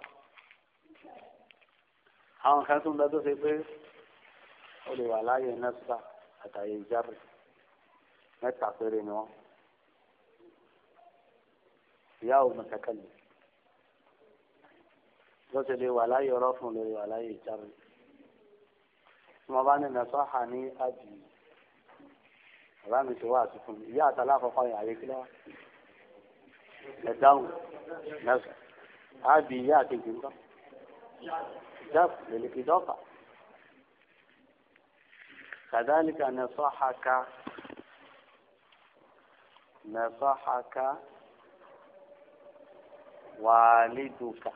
àwọn kan tún bẹ tó ṣe pé ó lè wà láàyè nẹ́sà àtàyè ìjábẹ̀ mẹ́ta péré ni wọ́n ìyá òun kankan ni bó ṣe lè wà láàyè rọ́fun lè wà láàyè ìjábẹ̀ tí wọ́n bá ní nẹ́sà hà ní àjì bàbá mi ti wá àti ìyá àtàlà àkọ́kọ́ yẹn àyè wá. لداون نفسه هذه ياتي جمله دفع للاضافه كذلك نصحك نصحك والدك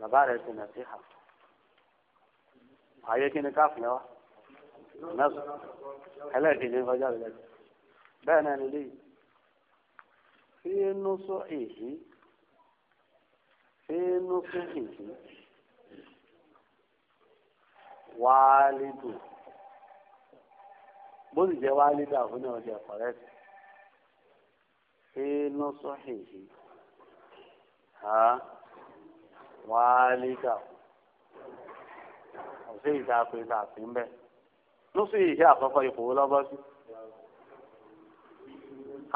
مبارك النصيحة هي كنا كاف نوا نص هلا كنا فجأة بنا لي fi nusu èyí fi nusu èyí wàálídù bó sì jẹ́ wàálídù àwọn náà jẹ́ kọ̀rẹ́tì fi nusu èyí ha wàálídù ọ̀sẹ̀ ìta pé ta sí ń bẹ̀ nusu èyí àkọ́kọ́ ipò lọ́bọ́sí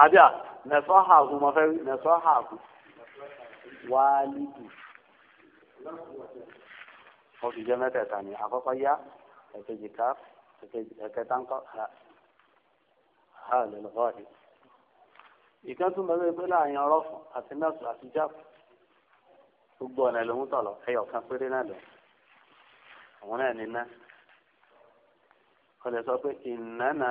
àbí à nẹ̀sọ́hà kù mo fẹ́ nẹ̀sọ́hà kù wálìdù mo fi jẹ́ mẹ́tẹ̀ẹ̀ta ni àkọ́kọ́ yá ẹ̀kejì ká ẹ̀kẹta ń kọ́ ha ha lè lọ́wọ́ àdé ìkan tún bẹ̀rẹ̀ pé láàrin ọ̀rọ̀ fún àti nọ́ọ̀sì àti jáàpù gbogbo ọ̀nà ló ń tọ̀ lọ ẹyọ kan péré náà lọ àwọn náà ní ná kọlẹ̀ sọ pé ìnáná.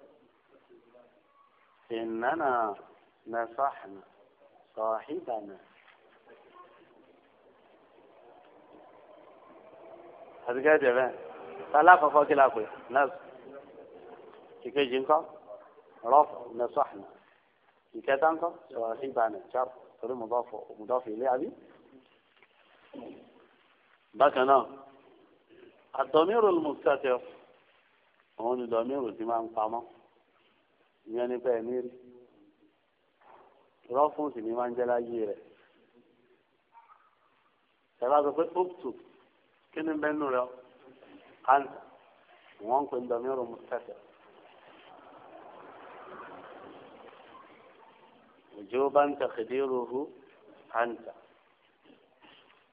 إننا نصحنا صاحبنا هذا قاعد يبان ثلاثة فوق الأقوى نص كيف جينكا رف نصحنا كي تانكا صاحبنا شاب كل مضاف مضاف إليه أبي أنا نعم. الضمير المستتر هون ضمير الإمام قامه ìyẹn nípa ẹ̀mí rí rọ́fún sì ni máa ń jẹ́ láyé rẹ̀ ṣẹ̀fà sọ pé óptù kí ni bẹ́ẹ̀ nù rẹ̀ áńtà wọ́n ń pè ń dọ̀mí ọ̀rọ̀ mùsítẹ́fẹ̀. òjò bá ń tẹ̀kẹ̀dé rohu áńtà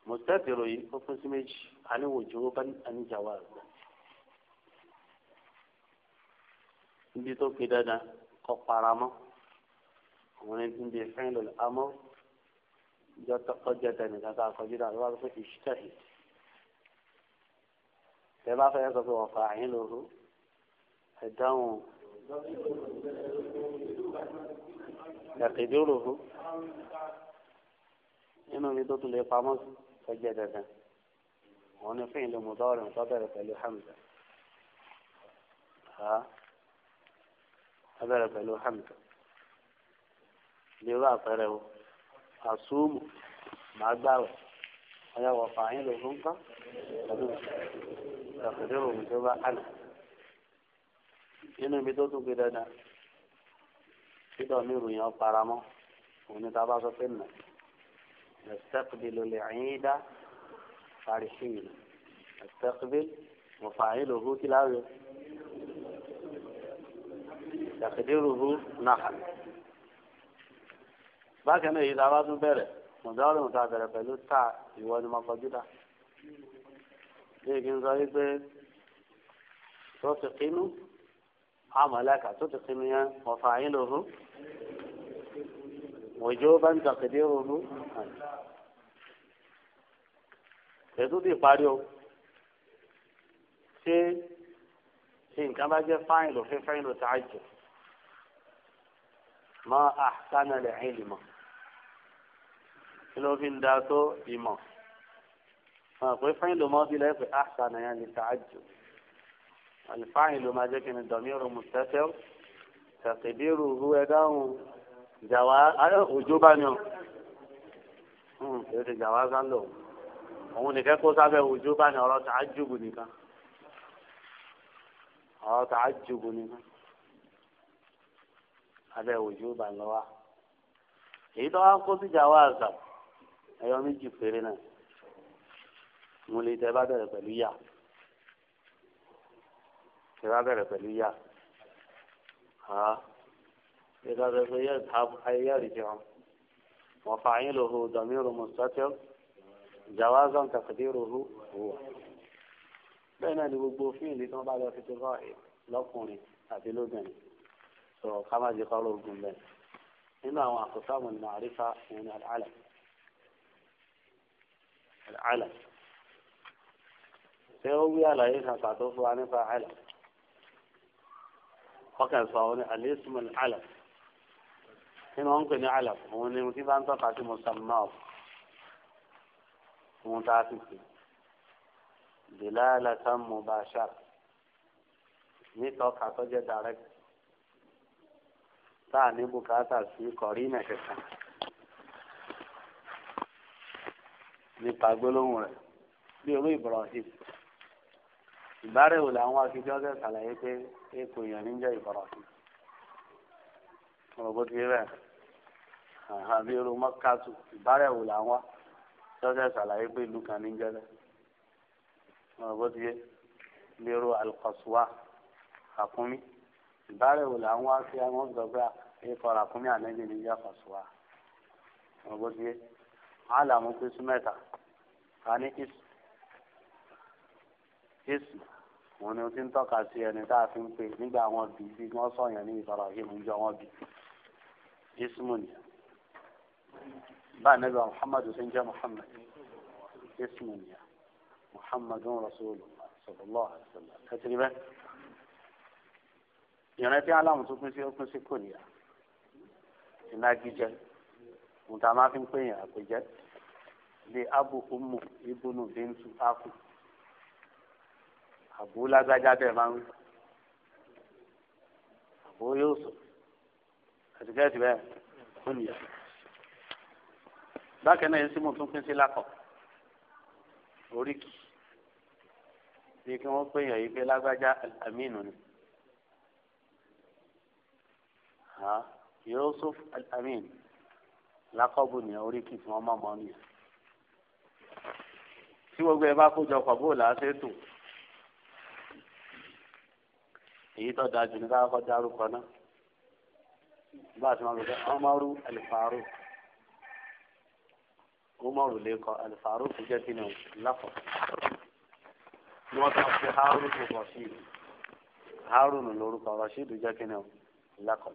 mùsítẹ́fẹ̀ ròyìn ó pín sí méjì àní òjò bá ń tẹ̀kẹ̀dé jàwá rẹ̀. níbi tó fi dandan kọ́ paramọ́ àwọn ẹni tí ń di fẹ́ẹ́ lọ amọ́ ọjọ́ tẹnìkan tá a kọjú náà ló wá pé ìṣítẹ̀hì tẹ bá fẹ́ sọ pé wọ́n fa àyín lóru ẹ̀ dáhùn ẹ̀kẹ́dẹ́ lóru nínú mi tó tún lè pamọ́ sí ọjọ́ dandan àwọn ẹni fẹ́ẹ́ lọ mọ̀tọ́ ń tọ́ bẹ̀rẹ̀ pẹ̀lú hamza abẹ́rẹ́ pẹ̀lú hamdu lérò àpẹẹrẹ o àsúmù màá gbàwẹ̀ ọ̀yà wọ̀ fàáyín ló fún kán ìdàkùnrin òun tó bá àná nínú ibi tó tún gbé dandan títọ̀ ní ìròyìn ọ̀paramọ́ òun ni tábà sọ pé nà يستقبل العيد فرحين يستقبل مفاعله كلاوي yàtìdírùhù náà bákan náà èyí tá a bá tún bẹ̀rẹ̀ mọ̀dáwọ́lẹ̀ mọ̀tá bẹ̀rẹ̀ pẹ̀lú tá ìwọ ni mo kọjú dá bíi kí n sọ wípé tó ti kínú àmọ̀lẹ́kà tó ti kínú yẹn ọ̀fà yín lòhùn òjò bá ń tàkìdírùhù ètò ti parí o ṣé nǹkan bá jẹ́ fáìn lò fífẹ́ lò tá a jù mọ́ àṣánalẹ̀ ìlìmọ̀ kí ló fi ń da tó ìmọ̀ wọn pé fáìn ló mọ́ bí lẹ́yìn pé àṣánà yẹn ní tààjù àlìfáìn ló máa jẹ́ kí ni dọ̀míìrù mùsẹ́fẹ́ tàkìdírù rú ẹ dáhùn jàwá òjò bá ní ọ hmm, kìí ṣe jàwá sálọ òun nìkan kó sábẹ́ òjò bá ní ọ̀rọ̀ tààjù bù nìkan ọ̀rọ̀ tààjù bù nìkan abẹ́ òjò bá lọ wá èyí tó wá ń kó síjà wá àzà ẹyọ méjì péré náà mo lè tẹ bá bẹ̀rẹ̀ pẹ̀lú yà tẹ bá bẹ̀rẹ̀ pẹ̀lú yà ha tẹ bá bẹ̀rẹ̀ pẹ̀lú yà ayé yà rìjẹ wọn wọn fà yín lòhùn dọmírù mùsàtẹl jàwázọ tàkìdírò hù hùwà bẹ́ẹ̀ náà ni gbogbo fíìlì tí wọn bá lọ fi tó bá lọkùnrin àti lóbìnrin sọ ká má jẹ kọ́rọ̀ ogun bẹ́ẹ̀ nínú àwọn àkọsáàmù ní àrífà òun ni àlàálà àlàálà ṣé ó wí àlàyé kan pàtó fún wa nípa àlà ọkàn sọ òun ni àlẹ́sùmù àlà nínú wọn ń ní àlà òun ni tí bá ń tọ́ka sí musamman òun tá a ti pè dìlálà tán mubashar nítọ́ka tó jẹ́ direct tá a ní bùkátà sí kọ̀rí náà kẹta nípa gbólóhùn rẹ̀ bí olú Ibrahim ìbárẹ̀wò làwọn akíkẹ́ ọ̀sẹ̀ ṣàlàyé pé èkó èèyàn ní jẹ́ Ibrahim ọ̀rọ̀ bó ti rẹ̀ àbí olú mọ́kàtù ìbárẹ̀wò làwọn ọ̀sẹ̀ ṣàlàyé pé ìlú kan ní jẹ́ ọ̀rọ̀ bó ti rẹ̀ bí alùpàṣùwà àkúnmí ìbárẹ̀wò làwọn wá sí àwọn ọ̀dọ́gba ìfọ̀rà fún mi ànágbé ní yàtọ̀ sí wa ọgbọ́n ti yé wọn là mú pín sí mẹ́ta ká ní ìsù ìsù òun ni o ti ń tọ́ka sí ẹni tá a fi ń pè nígbà wọn bí bí wọ́n sọ̀yàn ní ìfọ̀rọ̀ yìí mú jọ wọn bí ìsù mú ni bá a nẹ́bẹ̀ muhammadu sí ń jẹ́ muhammad ìsù mú ni muhammadun rasulullah sallallahu alaihi wasallam kẹtìrì bẹ́ẹ̀ ìrántí aláwọn tó pín sí ó pín sí kò níyà ìnagijẹ ohun tá a máa fi ń pè yàn àpèjẹ lè abu umu ibunu bintu aku àbú lágbájá bẹ́ẹ̀ máa ń wí àbú yóò sọ àtìkẹ́tì bẹ́ẹ̀ kò níyà bákan náà yẹn sì mú tún pín sí lákọ̀ oríkì bí kí wọ́n pè yàn yìí pé lágbájá amínú ni. Yusuf Al-Amin lákọ́bù ní oríkì tí wọ́n mọ̀mọ́ ni. tí gbogbo ẹ bá kójọ pọ̀ bó làá ṣe tò èyí tó dáa jù ní ká kọ́ dárúkọ náà bá a ti lò pé Umaru Al-Faruq Umaru lè kò jẹ́ kí ni lápọ̀ ni wọ́n ti máa fi Harun kò kọ̀ lórúkọ Rashid jẹ́ kí ni lákọ̀ọ́.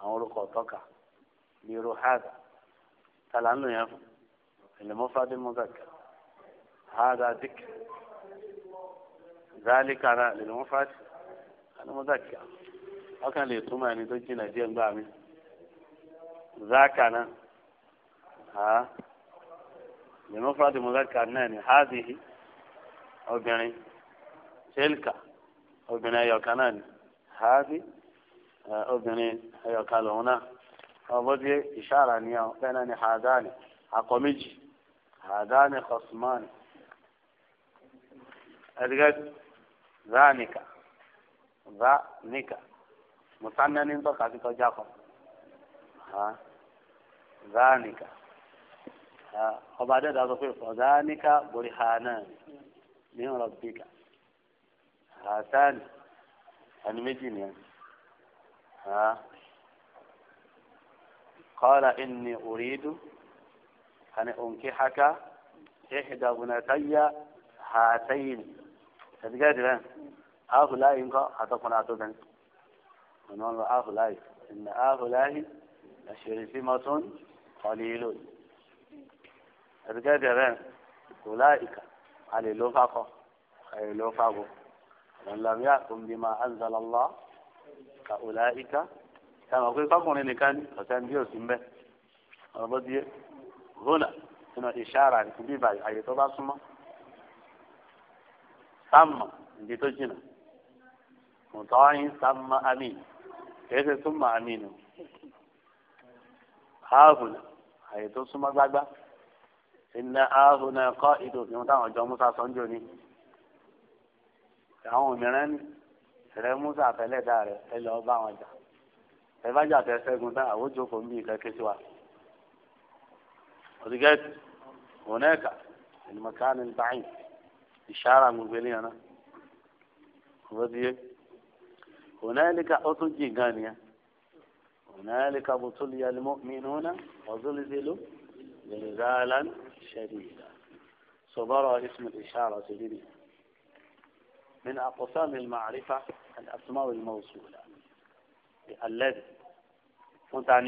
àwọn orúkọ tọ́ka bíi ruhada tala ń lò yẹn fún ìlẹ̀mọ́fádé mọ́gàkà hada dik zálíkà náà ìlẹ̀mọ́fádé mọ́gàkà ọkàn lè túmọ̀ ẹni tó jìnnà díẹ̀ ńgbà mi záàkà náà ìlẹ̀mọ́fádé mọ́gàkà náà ni hádìhì obìnrin tílkà obìnrin ẹ̀yọ̀kan náà ni hádìhì obìnrin ẹ̀yọ̀ká lòun náà ọ̀bọ̀dé ìṣàrà ni ọ bẹ́ẹ̀ náà ni hàdáni akọ méjì hàdáni kọ̀sùmánì ẹ̀dígẹ́ záàníkà záàníkà mùsànnẹ́ni ń tọ́ka sí tọ́jà kan záàníkà ọba adẹ́dà sọ pé fọ̀záníkà burihanan ní rabbika hàtánì ẹni méjì nìyẹn qala inni uridu an unkihaka ihda bunatayya hatayn ẹ̀dígẹ́ ìdílẹ̀ ahùláyì ńkọ́ àtọkùnrin àtọ́bẹ̀rẹ̀ ọ̀nà ọ̀nà ahùláyì ìnà ahùláyì ẹ̀ṣẹ̀rìsí mọ́tún ọ̀lẹ́lò ẹ̀dígẹ́ ìdílẹ̀ ọ̀láìkà àlèlófàkọ̀ àlèlófàgọ̀ ọ̀nà làmíà tó ń bí ma anzalallah kàwọlá ìka kàwọn pé kọkùnrin nìkan ní ọ̀sẹ̀ ní òsì mbẹ ọ̀rọ̀ bó ti yé hónà nínú ìṣàrà ní bíbá àyè tó bá súnmọ́ sàmà ìdí tó jìnnà mùtọ́yìn sàmà amín kìí ṣe súnmọ́ amín o ààhùnà àyè tó súnmọ́ gbágbá ìnà ààhùnà kọ́ ìdòkè wọn táwọn ọjọ́ musa sọ́njọ́ ni àwọn òmìnira ni tẹ̀lé musa àfẹlẹ́dà rẹ ẹ lọ bá wọn jà ẹ bá jà tẹ sẹ́gun tán àwọn jókòó ń bí kẹ́kẹ́ sí wa. òdìgẹ́tì ònẹ́ẹ̀ka ìlùmọ̀kánì ń báyìí ìṣára gbogbo eléyàn náà wọ́n ti yé ònẹ́ẹ̀lìkà ó tún jìn gan nìyẹn ònẹ́ẹ̀lìkà bó tó lè yẹlẹ́mọ́ mi nù náà wọ́n tó ìdá من أقسام المعرفة الأسماء الموصولة الذي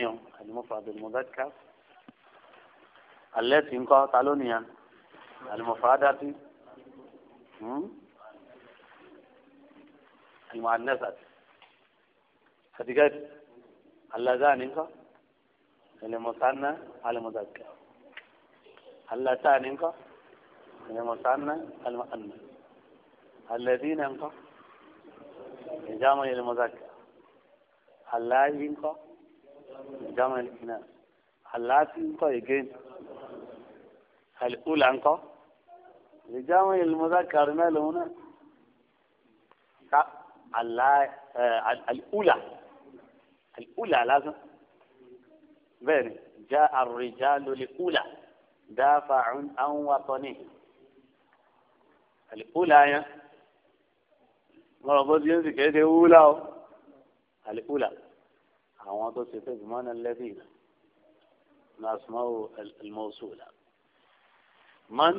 يوم المفرد المذكر التي انقطع لونيا يعني. المفردة هذه فتقال اللذان انقى المثنى المذكر اللتان انقى المثنى المؤنث الذين انقى جامع للمذكر اللاذي انقى جامع للإناث اللاتي انقى يجين الأولى انقى جامع للمذكر ما لهنا آه، الأولى الأولى لازم بين جاء الرجال الأولى دافع عن وطنه الأولى يعني mọ̀rọ̀ bó ti ń sì kéde wúlá o àlìkúlà àwọn tó ṣe fẹ́ẹ́ mọ́nà lẹ́bí náà asùmáwò ẹlmọ́sùlá mọ́n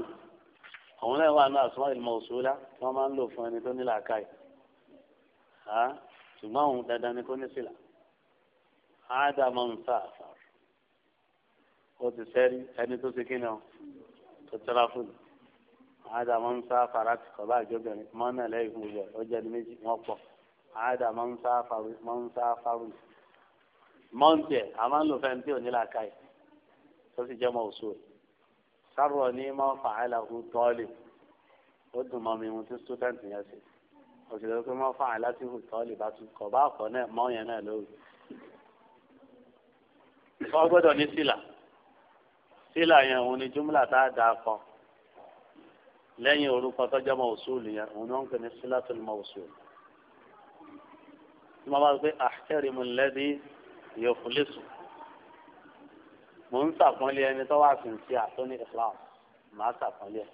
àwọn náà wà náà asùmáwò ẹlmọ́sùlá wọ́n máa ń lò fún ẹni tó ní làákàyè ṣùgbọ́n òun dandan ni kò ní sílà ádámọ̀ ń sá àfàr ó ti sẹ́rí ẹni tó ṣe kí ni ó tó tẹ́lá fún mi àádà máa ń sá farati kọ̀ọ̀bá àjọbìnrin máa ń nà lẹ́yìn fún ìyọ̀ ó jẹ́ ní méjì wọ́n pọ̀ àádà máa ń sá faru máa ń sá faru mọ́ǹtì ẹ̀ a máa ń lò fẹ́ni tí ò ní làákà yìí tó sì jẹ́ mọ́ òṣù rẹ̀ sáró ní máa ń fà á là fún tọ́ọ̀lì ó dùn mi mu tí sítúdẹ̀ǹtì yẹn ṣe òṣèlú pé máa ń fà á láti fún tọ́ọ̀lì bá tún kọ̀ọ̀bá àkọ́ náà mọ́ yẹn náà lórí wọ́n gbọ́dọ̀ ní sílà sílà yẹn òun ni júmùlà tá kan lẹ́yìn orúkọ tọ́jọ́ mọ̀ọ́sùlù yẹn òun náà ń pè ní sílátùl mọ̀ọ́sùlù. tí wọ́n bá gbé àkẹ́rì mu lẹ́bí yóò fún lẹ́sùn. mò ń sàpọ́nlé ẹni tó wà sí ti àtúní islam màá sàpọ́nlé ẹ̀.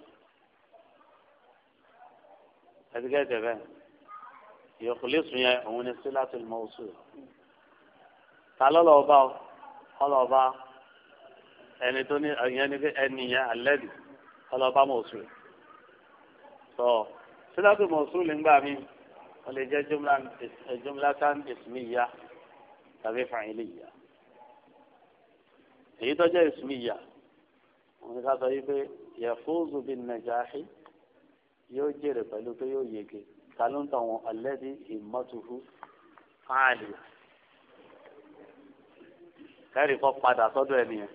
ẹ̀dígẹ́ tẹ̀ bẹ́ẹ̀ yóò fún lẹ́sùn yẹn òun ní sílátùl mọ̀ọ́sùlù. ta ló lọ́ọ́ bá ọ lọ́ọ́ ẹni tó ní ẹni yẹn alẹ́ bì ọlọ́ọ́ bá sọ sílátù mọ̀sùlù ń gbà mí wọ́n lè jẹ́ jumlatan ismiya tàbí fa'iliya èyí tó jẹ́ ismiya wọ́n ní ká sọ yí pé yafuzu bin najahi yóò jèrè pẹ̀lú pé yóò yege ta ló ń tàn wọn alẹ́dí himmatuhu kẹ́rì kọ́ padà sọ́dọ̀ ẹnìyẹn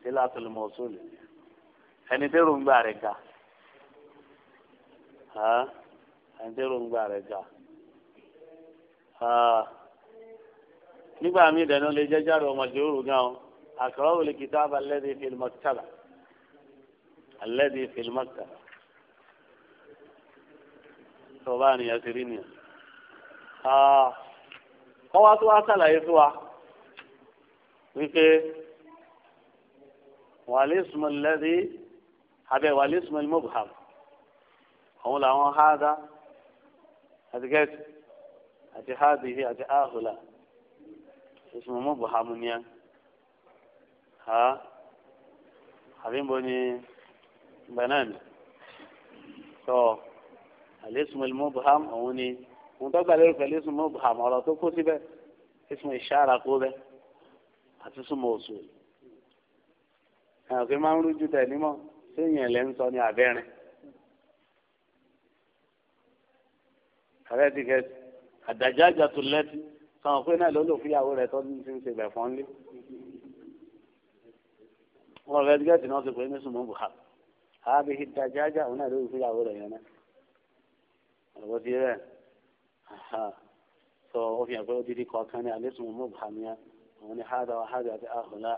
sílátù mọ̀sùlù ẹni tẹ́rù ń gbà rẹ̀ ga àǹtẹ̀rù ń gbà rẹ̀ gà nígbà míì dẹ̀nu lè jẹ́jà rẹ̀ ọmọdé òru gan àkàrà wòlé kìtàbà alladhi fil maktaba alladhi fil maktaba tó bá nìyẹn ti rí nìyẹn. kọ́ wá tó wá sàlàyé fún wa wípé wàlísùmù lẹ́dí abẹ́ wàlísùmù mubham òun làwọn háàdá àti gẹ́tù àti háàdìhì àti áhùlà ìsìnmọ̀mọ́ buhamu ni ha àbíbo ni banani tó àlẹ́sùmọ̀lì mọ́bùhám òun ni òun tó gbà lérò pẹ̀lú ìsìnmọ̀ buhamu ọ̀rọ̀ tó kó síbẹ̀ ìsìnmọ̀ ìṣára kó bẹ́ àti súnmọ̀ òṣù ẹ̀ òkè máa ń rújú tẹ̀ nímọ̀ sí ìyẹn lẹ́ ń sọ ní abẹ́rin. ààrẹ ti kẹ àdàjà àjà tó lẹ́tí sọ̀rọ̀ pé náà ló lò fíyàwó rẹ̀ tó ní ti ń ṣe bẹ̀fọ́n lé wọn rẹ̀ ti kẹ́tì náà ti pè é ní sùnmọ́ buhari àbí ìdàjà àjà òun náà ló lò fíyàwó rẹ̀ yẹn náà ọ̀rọ̀ ti rẹ̀ sọ ó fi hàn pé ó dídí kọ̀ọ̀kan ní alẹ́ sùnmọ́ mọ́ buhari yẹn òun ni hádà wà hádà àti àhùlá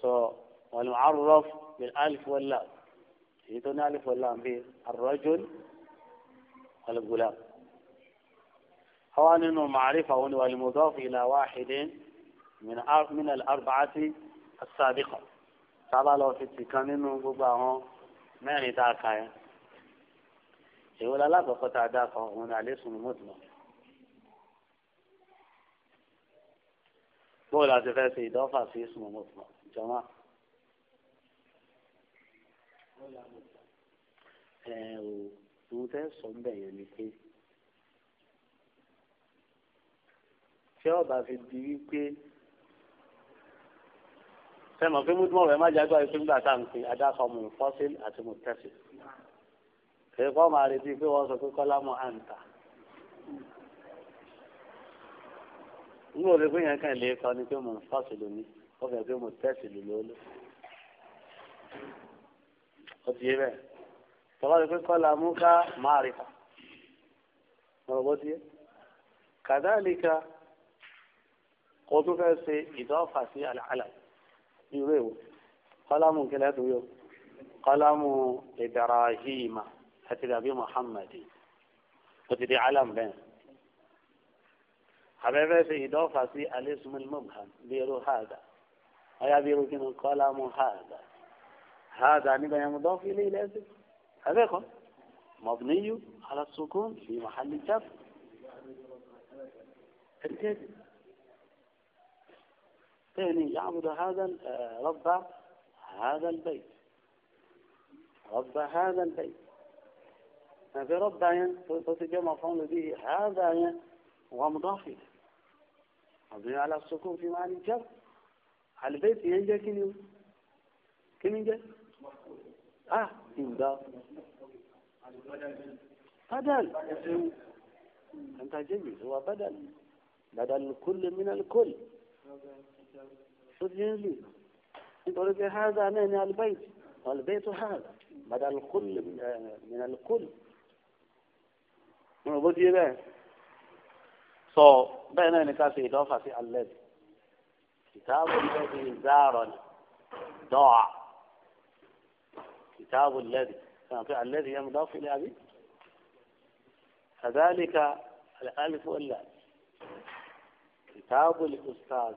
sọ wọn lọ àrùrọ̀f bí alifọ̀lá èyí tó ní alifọ̀lá ń bí arọ́jọ́lì alùgbòlá. هو أنه معرفة والمضاف إلى واحد من من الأربعة السابقه. تعالى لو في التكان أنه ببعه ما يدعك يعني يقول لا بقطع دافع هنا عليه اسم مطلق بقول عزفاء في في اسم مطلق جماعة ẹ̀ ò tó tẹ́ sọ ń ni pé tí ọba fi di wípé sẹ́mọ̀ pé múdùmọ̀ rẹ̀ má jágbá yìí pé nígbà tá à ń pè adáfọ̀ mú fọ́síl àti mú tẹ́sí. èyí kọ́ máa retí pé wọ́n sọ pé kọ́lá mọ̀ à ń tà. nínú òde pé yẹn kàn lè kọ́ ni pé mò fọ́síl lóní ó fẹ́ pé mò tẹ́sí lólólo. ó ti yé bẹ́ẹ̀ tọ́lá ti pé kọ́lá mú ká máa rí fa. mo rò bó ti yé. kàdáàlì ka. قوتو كاسي إضافة في العلم يريو قلامو كلاتو يو قلامو إبراهيم حتي أبي محمد حتي دي علم بين حبيبه في إضافة في الاسم المبهم بيرو هذا أيا بيرو كنو قلامو هذا هذا أنا بيا مضاف إليه لازم هذا مبني على السكون في محل الجر الكذب الثاني يعبد هذا آه، رب هذا البيت رب هذا البيت ما في رب يعني تتجمع فهم به هذا هو مضاف إليه مبني على السكون في معنى الجر على البيت ينجا كم يوم كم ينجا اه ينجا بدل انت جميل هو بدل بدل كل من الكل سجلي يقول هذا من البيت والبيت هذا بدل الكل من الكل من بدي له so بينا نكاسي دافع في الله كتاب الذي زار ضاع كتاب الذي كان في الذي يمضاف إلى أبي كذلك الألف واللام كتاب الأستاذ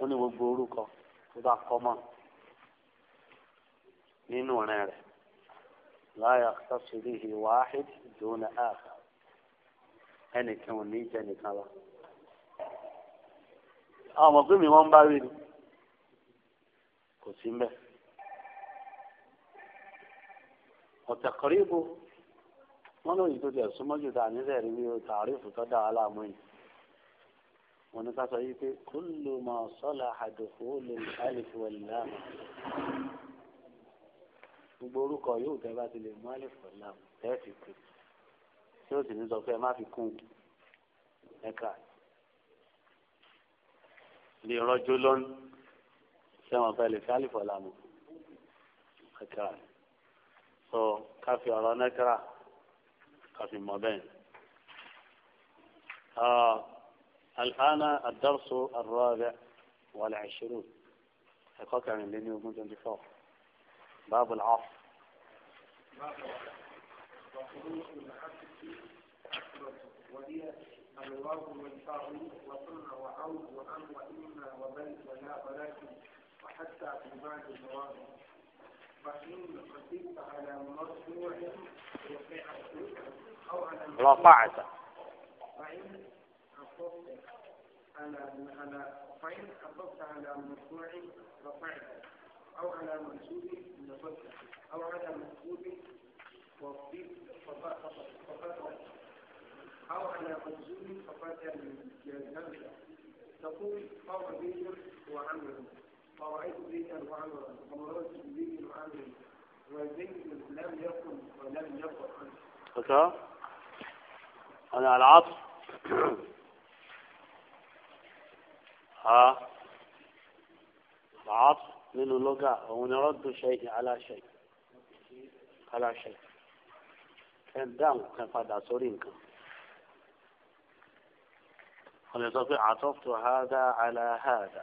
ó ní gbogbo orúkọ tó bá kọ́ mọ́ nínú rẹ̀ rẹ̀ láyà sásìlì ìwáhìd na ààfà ẹnìkan ò ní jẹ nìkan lọ. àwọn ọmọ mi wọ́n ń bá rí ni kò sí mbẹ́. ọ̀tẹ̀kọ̀rí ibo wọ́n lóyún tó ti ẹ̀sùn mọ́jú a nílẹ̀ rí wọn ní ká sọ yìí pé kullu ma salaha dukhulul alif wal lam gbogbo orúkọ yóò tẹ́ bá ti lè mú alif wal lam tẹ́ fi pè tí ó sì ní sọ pé ẹ má fi kún ẹ̀ka lè rọjò lọ́nù sẹ́wọ̀n fẹ́ lè fi alif wal lam ẹ̀ka sọ káfí ọ̀rọ̀ nẹ́kẹ́rà káfí mọ́ bẹ́ẹ̀. Ah, الآن الدرس الرابع والعشرون حقاك عن اللي موجود جنب فوق باب العصر وهي وإما ولكن وحتى في بعض الجواب فإن قدمت على مرفوع رفعت رفعت فإن الصف على على صفين الصف على مرفوع رفعه أو على منسوب نصبه أو على منسوب وصيب فقط أو على منسوب فقط جزمه تقول قام زيد وعمر فرأيت زيدا وعمرا ومررت بزيد وعمر وزيد لم يكن ولم يقل عنه. أنا العطف bàáp nínú lọ́gà òun ni rọ́dù ṣẹ́yìn aláṣẹ aláṣẹ ẹ̀ dáhùn kan padà sórí nǹkan wọ́n lè sọ pé àtọ́fù hádà aláhádà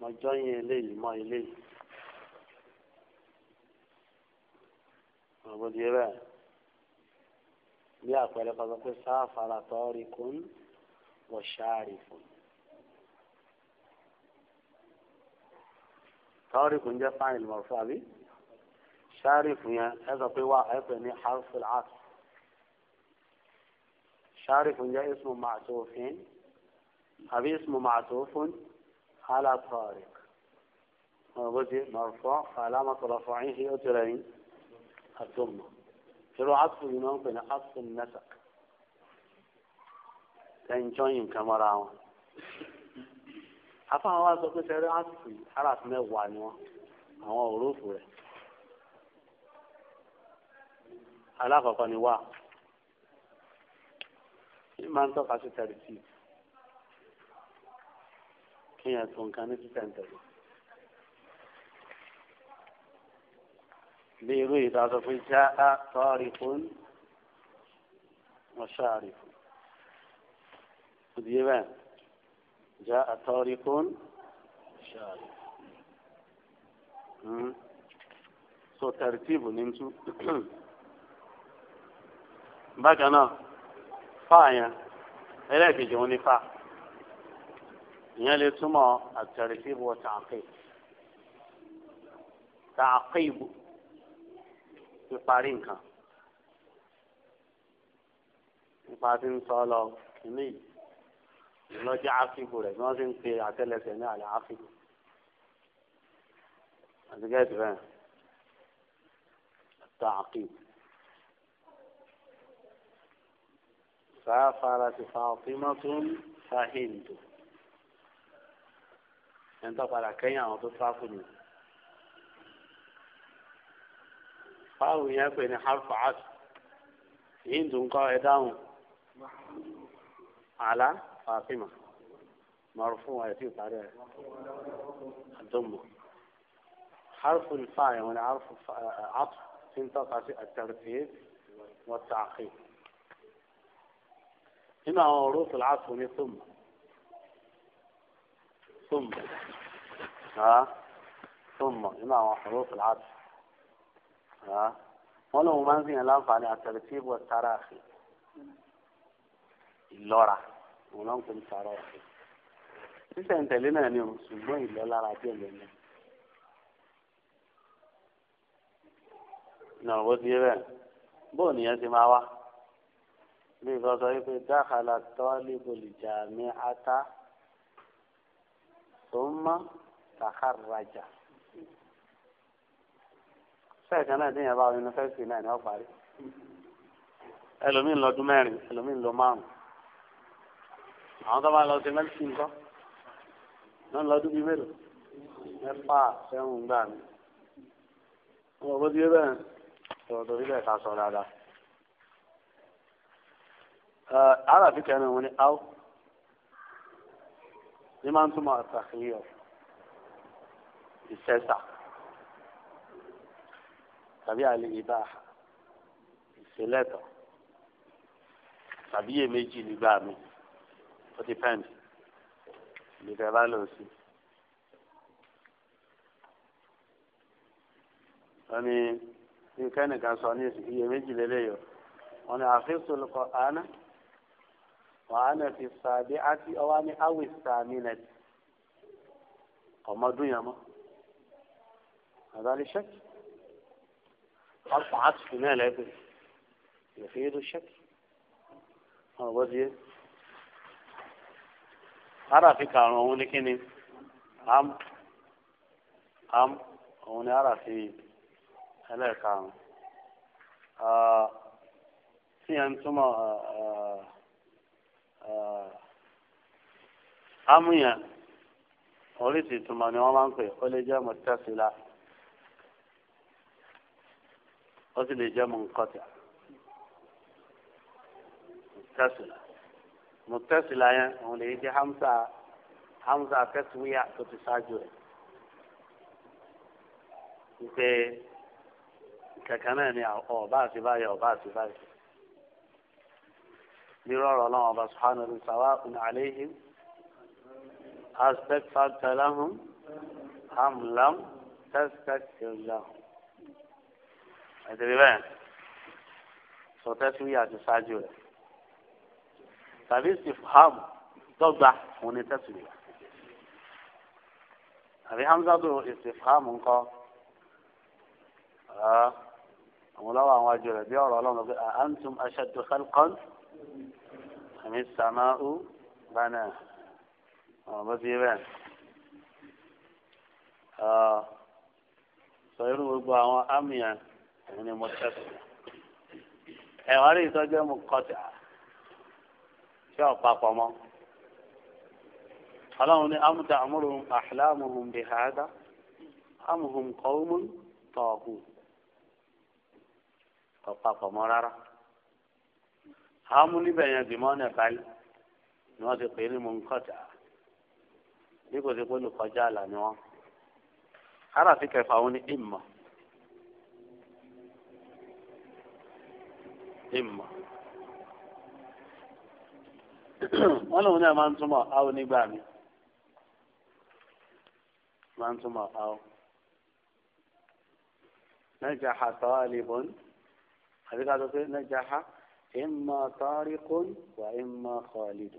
mọ̀jọ́ yẹn eléyìí mọ́ eléyìí. ọ̀bọ̀dì rẹ̀ bí àpẹẹrẹ kan sọ pé وشارف طارق جاء فعل المرفوع به شارف يعني هذا قوى يعني حرف العطف شارف جاء اسم معطوف هذا اسم معطوف على طارق وجه مرفوع علامة رفعه أجرين الضمة في العطف يمكن عطف النسق tẹ́ńjọ́yìn kan mọ́ra wọn. afáwọn wa sọ pé sẹ́rẹ́ àsìkò aráàfin mẹ́wàá ni wọ́n àwọn òróòfù rẹ̀. alákọ̀ọ́kọ́ ni wà kí máa ń tọ́ka sí tẹ̀rìtì kí yẹn tó nǹkan ní títẹ̀ǹtẹ̀lì. bí irú ìdásọ fún jẹ́ àtọ́rí fún mọ́ṣáàrí fún ti yé bẹ́ẹ̀ já àtọ́rí kún ṣáàrì so tẹ̀rìtìbù ní tú bákan náà fáà yẹn ẹlẹ́ẹ̀kejì òun ní fáà ìyẹn lè túmọ̀ àtẹ̀rìtìbù ọ̀tàn àpè tààkìbù ìparí nǹkan nípa tí ń sọ lọ kìíní yìí lọ́jọ́ áfíìkù rẹ̀ bí wọ́n ti ń pe àtẹ́lẹsẹ̀ ní àlẹ́ áfíìkù àti gẹ́gẹ́ bẹ́ẹ̀ تعقيب سافرت فاطمة فهند انت قال كيا وتصافني فاو يكون حرف عطف هند قاعدة على فاطمة مرفوعة يتيب عليها الضمة حرف الفاء ولا يعني حرف عطف تنطق الترتيب والتعقيب هنا عروض العطف ثم ثم ها ثم هنا عروض العطف ها ولو منزل الأنفع على الترتيب والتراخي اللورة òun náà ń pè ní sàrọ̀ ọ̀fẹ́ sísẹ̀ntẹ̀lé náà ni o ṣùgbọ́n ìlọ́lára díẹ̀ lẹ́nu. náà bó ti yé bẹ́ẹ̀ bóun nìyẹn ti máa wá bí nǹkan sọ wípé dáhàlà tọ́lébòlì jàmí ata tó ń mọ́ tàkàràjà sẹ́ẹ̀kan náà déyàn bá wọn yunifásitì náà ni wọ́n parí ẹlòmíín lọ́dún mẹ́rin ẹlòmíín lọ márùn-ún àwọn tó bá lọ sí mẹ́tì nǹkan náà lọ́dún bíi mélòó mẹ́fà sẹ́wọ̀n gbà mí wọn bó ti bẹ́ẹ̀ sọ̀rọ̀ torí bẹ́ẹ̀ ká sọ dáadáa. aláàfin kẹrin òun ni áwò ní máa ń túmọ̀ àtàkìyọ̀ ìṣẹ́sà tàbí àlè ìbá ìṣẹ̀lẹ̀tọ̀ tàbí iyèméjì nígbà míì ó ti pẹ́ǹdì ìgbésẹ̀ bá lò sí. wọ́n ní nǹkan nìkan sọ ní iye méjìlélẹ́yọ̀ wọ́n ní àfihàn olùkọ́ àánà wàhánà fi sàbí àti ọwọ́ ní awì sàmì nẹ̀tì ọmọdún yẹn mọ́ àdáni ṣẹ́kì ọ̀pọ̀ àtúntò náà lẹ́gbẹ̀ẹ́ ìfìyẹ́dù ṣẹ́kì ọ̀rọ̀ bọ́ sí aráàfin karùn-ún òun ni kíni am am òun ni aráàfin ẹlẹ́ẹ̀karùn-ún tí yẹn ń túmọ̀ amúyàn oríṣi ìtumọ̀ ni wọ́n máa ń pè ó lè jẹ́ mọ̀tẹ́sílá ó sì lè mọtẹsílà yẹn òun lè jẹ hamza hamza tẹsíwíyà tó ti ṣáájú rẹ wípé kẹkẹ náà ni ọba àti báyìí ọba àti báyìí nírọ̀rọ̀ ọlọ́run ọba sùhánù rẹ̀ sàwá ọ̀nà àléhìn aspẹ́tàtàláhùn amlam tẹ́sítẹ́tìláhùn. ẹ̀sìn bíbẹ́ sọtẹ́síwíyà ti ṣáájú rẹ̀ tàbí sifham dọ́gba òun ni tẹ́sùlì àbí hamzadu istifham ńkọ àwọn ọlọ́wọ́ àwọn àjọ rẹ̀ bí ọ̀rọ̀ ọlọ́run pé antum ashaddu khalqan àmì sàmáù bánà ọ̀rọ̀ bó ti bẹ́ẹ̀ sọ irú gbogbo àwọn àmì òun ni mo tẹ́sùlì ẹ̀wọ̀n rí ìtọ́jú ẹ̀ mú kọ́tà tí ò papọ̀ mọ́ ọlọ́run ní amúta àmúrun àhìlámùhùn bí hàdá àmùhùn kọ́ọ́mùn tọ̀ọ̀kù kò papọ̀ mọ́ rárá àmú níbẹ̀ yẹn bímọ́ ní ẹ̀bálí ni wọ́n ti pè é ní mọ̀nkọ́tà bí kò ti pé olùkọjá àlà ni wọ́n ara ti kẹfà wọn ní ìmọ̀ ìmọ̀. أنا هنا ما أنتم أو نبامي ما أنتم أو نجح طالب هذه قاعدة نجح إما طارق وإما خالد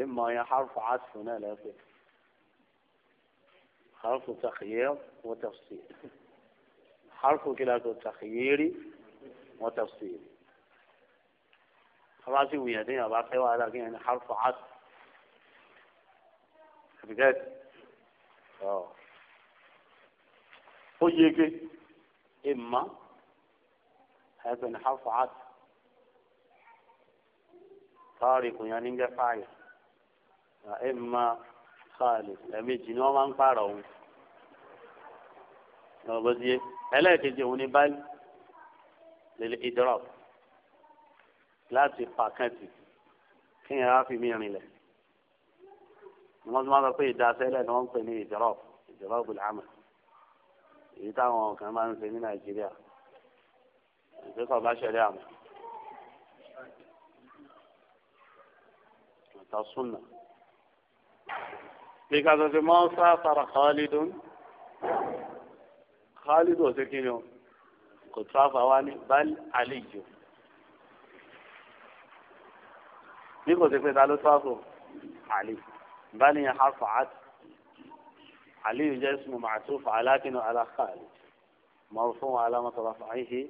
إما هي حرف عطف هنا لا حرف تخيير وتفصيل حرف كلاكو تخييري wọ́n tẹ̀ sí i ọba sì wùyàn déyàn ọba fẹ́ wàhálà kí yẹn ní harfa at àbíkẹ́ ọ ó yege ìmọ̀ ẹgbẹ́ ní harfa at tọ́ọ̀rì kò yan ní jẹ́ fáyà ìmọ̀ káàlì ẹ̀mejì ni wọ́n máa ń pààrọ̀ òun ọ̀bọ̀dìyẹ ẹlẹ́ẹ̀kejì òun ni báyìí. للإدراك لا تبقى كاتي كين عافي مية ميلة نمز ماذا قيل داسيلة نمطني إدراك إدراك بالعمل إذا كما نسمي من الجريعة إذا باش اليوم تصنع في كذا زمان خالد خالد وزكي اليوم kò tó àfàwa ní báyìí àlejò bí kò sí pé ta ló tó àfò àlè báyìí yẹn harfa àti àlejò jẹ́ ismu ma'tuf alákinu alákàlè marfu alámọ̀ tó bá fà áyè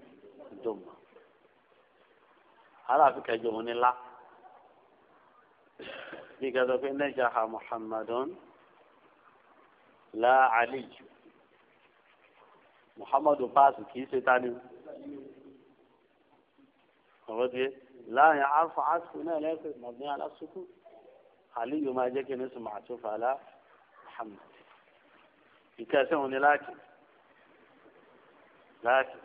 dùnmọ̀ aláàfin kẹjọ òun ni lá bí kẹjọ pé najaha muhammadun la àlejò muhammadu paasi kì í ṣe tani ọ̀rọ̀ tiẹ̀ láàrin arfa asukun náà lẹ́sẹ̀ mọ̀bí alásùkú aliyu máa jẹ́ kí ní sùn màá tó fàlà muhammad ìkẹsẹ̀ òun ni láàkì láàkì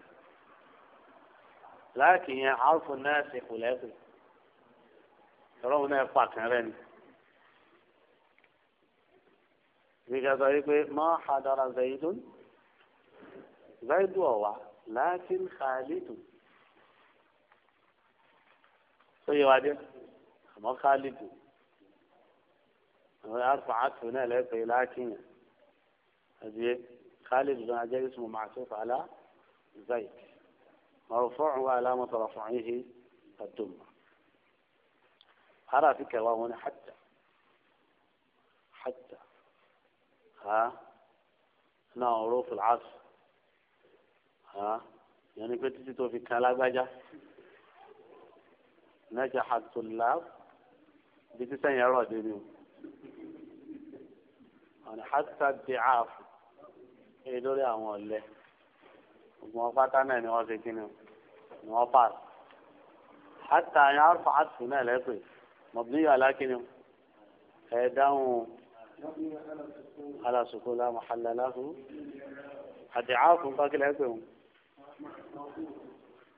láàkì yẹn arfa náà ṣe kù lẹ́sẹ̀ ọ̀rọ̀ òun náà pàkàn rẹ̀ ni. Bí ká sọ yìí pé má hadara zayidun. زيد هو لكن خالد صحيح وادي ما خالد أرفعت هنا ليس لكن هذه خالد بن عجل اسمه معطوف على زيد مرفوع وعلامة رفعه الدمة أرى فكرة هنا حتى حتى ها هنا حروف العصر yẹn ni pé títí tó fi kan lágbájá nẹ́jà àtúlá bí tí sẹ́yìn ẹ̀rọ dé ni o ọ̀nà hàtà dé ààfù èyí lórí àwọn ọ̀lẹ́ ọgbọ̀n pátá náà ni wọ́n fi kí ni o ni wọ́n pààrọ̀ hàtà yẹn àrùfà àtúnú náà lẹ́pẹ́ mọ̀bìlì yàrá kí ni o ẹ̀ dáhùn alásùkò láwọn àlàlá fún àdìhàfù kákìlẹ̀ pé òun.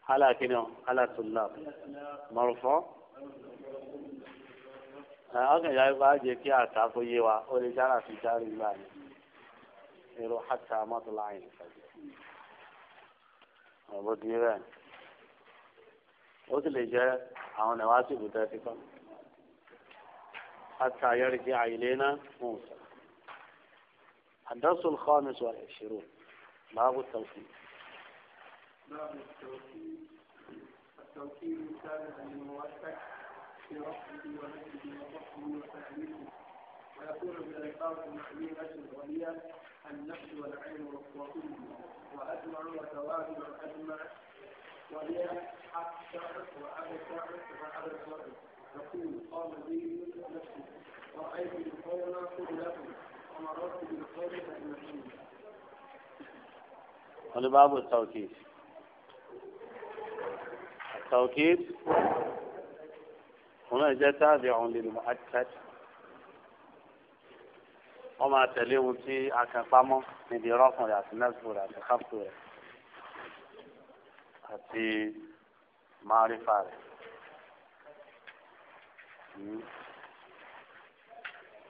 على كنو على طلاب مرفوع أغنى يا إبا جيكي أتاكو يوا ورجالة في دار الله يروح حتى مطلع عين الفجر أبو ديران ó sì lè jẹ àwọn nàwásì حتى ti kọ موسى àyẹrì الخامس àyèlé náà fún òsà باب التوكيد التوكيد تابع للموثق في رفعه ونفسه وضحه وتعريفه ويكون بالالفاظ المعلومه الغنيه النفس والعين والطبيب واجمع وتوابع اجمع وهي اكثر وابشع وابشع يقول قام به نفسي رايت القوم له ومررت بالقوم فانه قال باب التوكيد التوكيد هنا جاء تابع للمؤكد وما تليه في أكثر من دراسة على الناس ولا تخفت في معرفة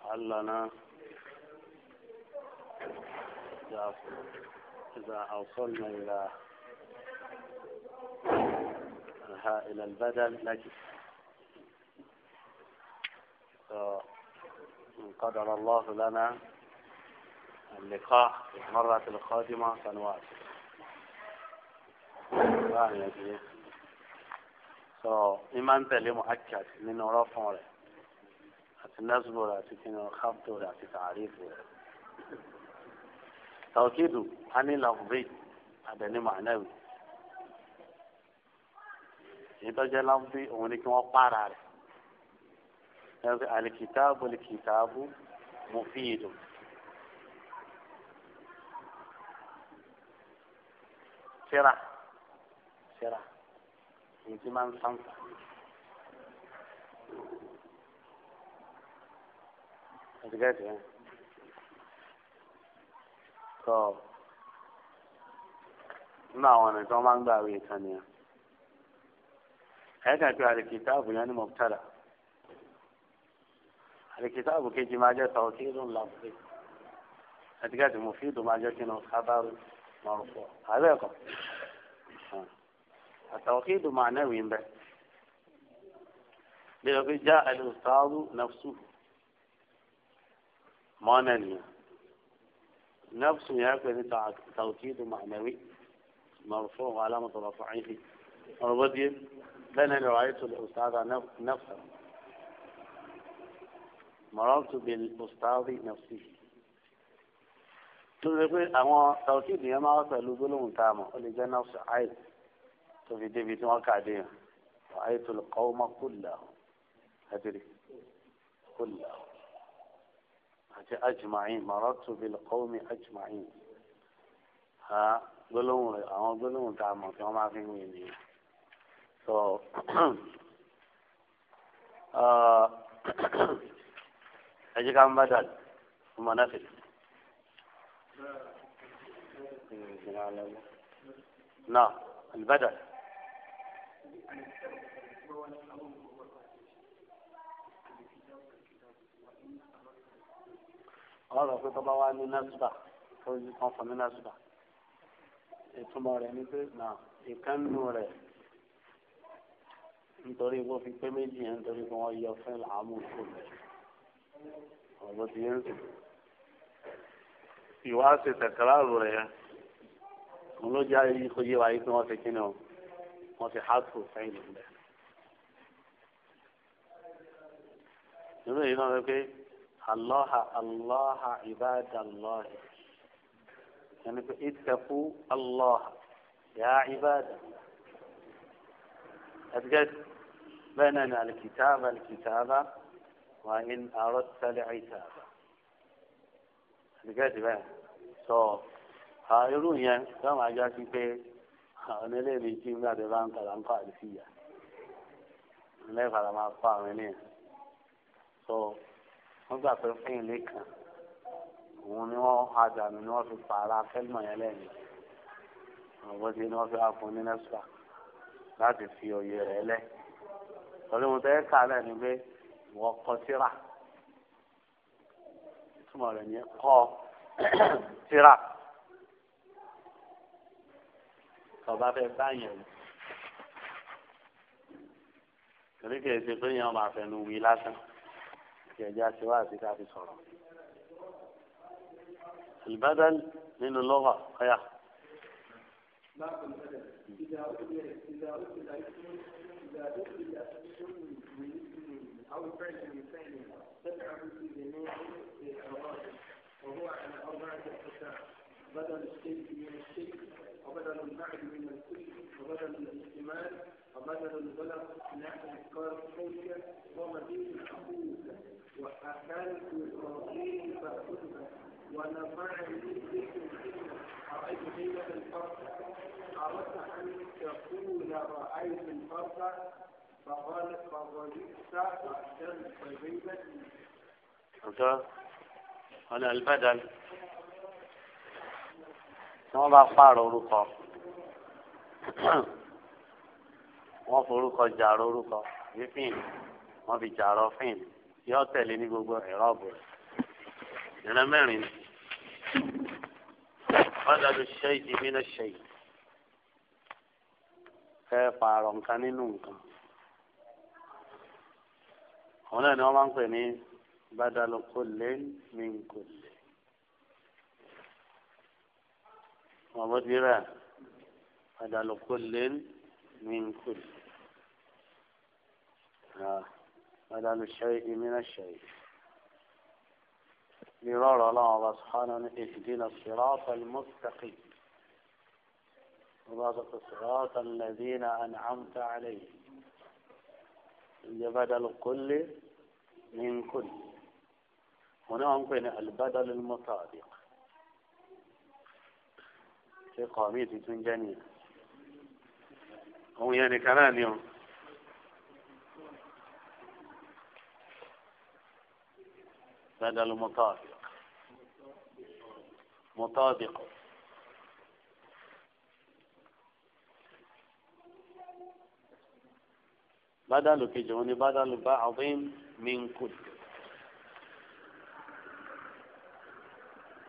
علنا إذا أوصلنا إلى ها إلى البدل نجد قدر الله لنا اللقاء المرة القادمة فنواصل so إيمان تلي مؤكد من رفع نزبر تكين الخبط تعريف توكيد عن لفظي هذا معنوي èyí tó jẹ́ láǹfì òun ni kí wọ́n pààrà rẹ̀ ẹ̀rọ alikitaabu alikitaabu mufiidu. sira sira èyí tí máa ń sáǹfà. Àtìgẹ́tì ẹ̀ sọ nínú àwọn ọ̀nà tí wọ́n máa ń gbà wí ìtàn nìyẹn ẹ̀ka pé alikitaabu yẹn ni mọ̀tàdà alikitaabu kejì máa jẹ́ tàwọn kéèdù ńlá pé ẹ̀dígà tí mo fi dùn máa jẹ́ kí ni kábàárù mọ̀rùfọ̀ àbẹ́ ẹ̀kọ́ àtàwọn kéèdù máa nẹ́wìí ń bẹ́ bí o fi já alùsáàlù nàfṣù mọ́nà nìyẹn nàfṣù yẹn pè ní tàwọn kéèdù máa nẹ́wìí mọ̀rùfọ̀ wàhálà mọ̀tòlọ́fọ̀ àyìnfì ọ̀rọ̀ bó díẹ̀ bẹ́ẹ̀ náà ni ọ̀rọ̀ ayé نفسه. lè ọ̀sáàdà nẹ́fṣà mọ̀ràn tó lè ọ̀sáàdì nẹ́fṣì. tó ṣe pé àwọn tàwùkì ìdìyẹn máa wá pẹ̀lú gbólóhùn tá a mọ̀ ó lè jẹ́ nẹ́fṣà ayé tó fi débi tí wọ́n kà dé yẹn ayé tó lè kọ́ ọmọ kúlà àtìrí kúlà àti ajumain mọ̀ràn tó lè kọ́ ọmọ ajumain. ha àwọn gbólóhùn tá a mọ̀ tí wọ́n máa fi ń wí nìyẹn so ẹ jẹ́ ká ń bá dàdí ọmọ náà fi. نعم البدل ọ̀rọ̀ pé tọba wa ní násùbà tó yí kan fún ní násùbà ìtumọ̀ rẹ̀ ní pé náà ìkànnù rẹ̀ nítorí wọ́n fi pé méjì yẹn nítorí pé wọ́n yọ fẹ́ làámú kò lẹ̀ ọ̀rọ̀ ti yẹn sùn. ìwà ṣe tẹ̀kẹ́rà rẹ̀ yẹn òun ló já ikú yé wa yìí pé wọ́n ti kíni o wọ́n ti hàtù fẹ́yìn bẹ́ẹ̀. nínú èyí náà wọ́n pé alọ́ha alọ́ha ìbáàdà lọ́ọ̀hì yẹn pé ìtẹ̀kù alọ́ha yà ìbáàdà. بيننا الكتاب الكتاب وإن أردت العتاب لقيت بقى so هايرون يعني كما جاء في أنا أنا ليه بيجيب لا دبان كلام قاعد فيها ليه فلما قام مني so هم بقى في الحين ليك ونوا هذا من نوا في فارا كلمة يلين وبدي نوا في أفوني نفسه لا تفيو يرى ليه torí mo tẹ́ ká náà ni pé ìwọ síra ìtumọ̀ rẹ̀ ni kọ [clears throat] síra tọba fẹ́ báyẹn torí kìí ṣe pé yẹn máa fẹnu wí lásán kí ẹja ṣe wá ká fi sọ̀rọ̀ ìbádàn nínú lọ́wọ́ ọ̀yà. إذا أخرج اسم من اسم أو فعل من فعل تبعه في جميع وهو على أربعة أقسام بدل الشيء من الشيء وبدل البعد من الكل وبدل الاحتمال وبدل البلد نحو إذكار الحجة ومزيد الحقوق وأكلت الرصيد فأخذها ونفعني ذكر الحكمة أرأيت حيلة الفرق أردت تقول رأيت الفرد فقال فضلت وأحسنت فجيبتني. هذا البدل tí wọ́n bá pààrọ̀ orúkọ wọ́n forúkọ jàrọ̀ orúkọ yìí fíìn wọ́n fi jàrọ̀ fíìn yọ tẹ̀lé ní gbogbo ẹ̀rọ ọ̀bọ̀ ìrìn mẹ́rin wọ́n dájú ṣe ìdí mí náà ṣe yìí fẹ́ pààrọ̀ nǹkan nínú nǹkan àwọn náà ni wọ́n máa ń pè ní badalu kulli min kulli wọ́n bó ti rẹ̀ badalu kulli min kulli badalu shay'i min ash-shay'i lè rọrọ̀ ọlọ́run ọba subhanahu ní ihdina as-sirata al-mustaqim. وبعض الصراط الذين أنعمت عليهم لبدل كل من كل هنا ممكن البدل المطابق في قامية تنجانية هو يعني كمان يوم بدل مطابق مطابق بدلو كي جوني بدل با عظيم من كل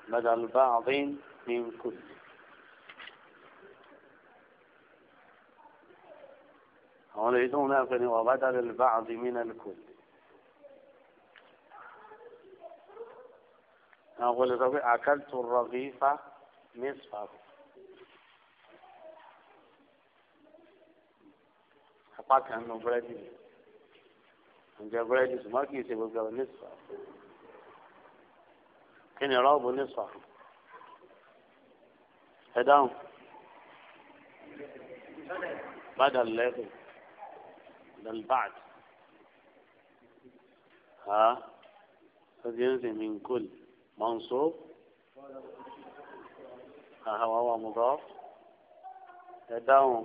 بدل با عظيم من كل هون يدون أفني وبدل البعض من الكل أقول ربي أكلت الرغيف نصفه apá kan nínú búrẹ́dì ǹjẹ́ búrẹ́dì ṣùgbọ́n kì í ṣe gbogbo ẹ̀ nísà kí ni rọ́ọ̀bù nísà ẹ dáhùn bàdà lẹ́kùn dalbàd ha ṣe ń sìn mí kúl mọ̀nsó àhàwà wà mú gọ́ ẹ dáhùn.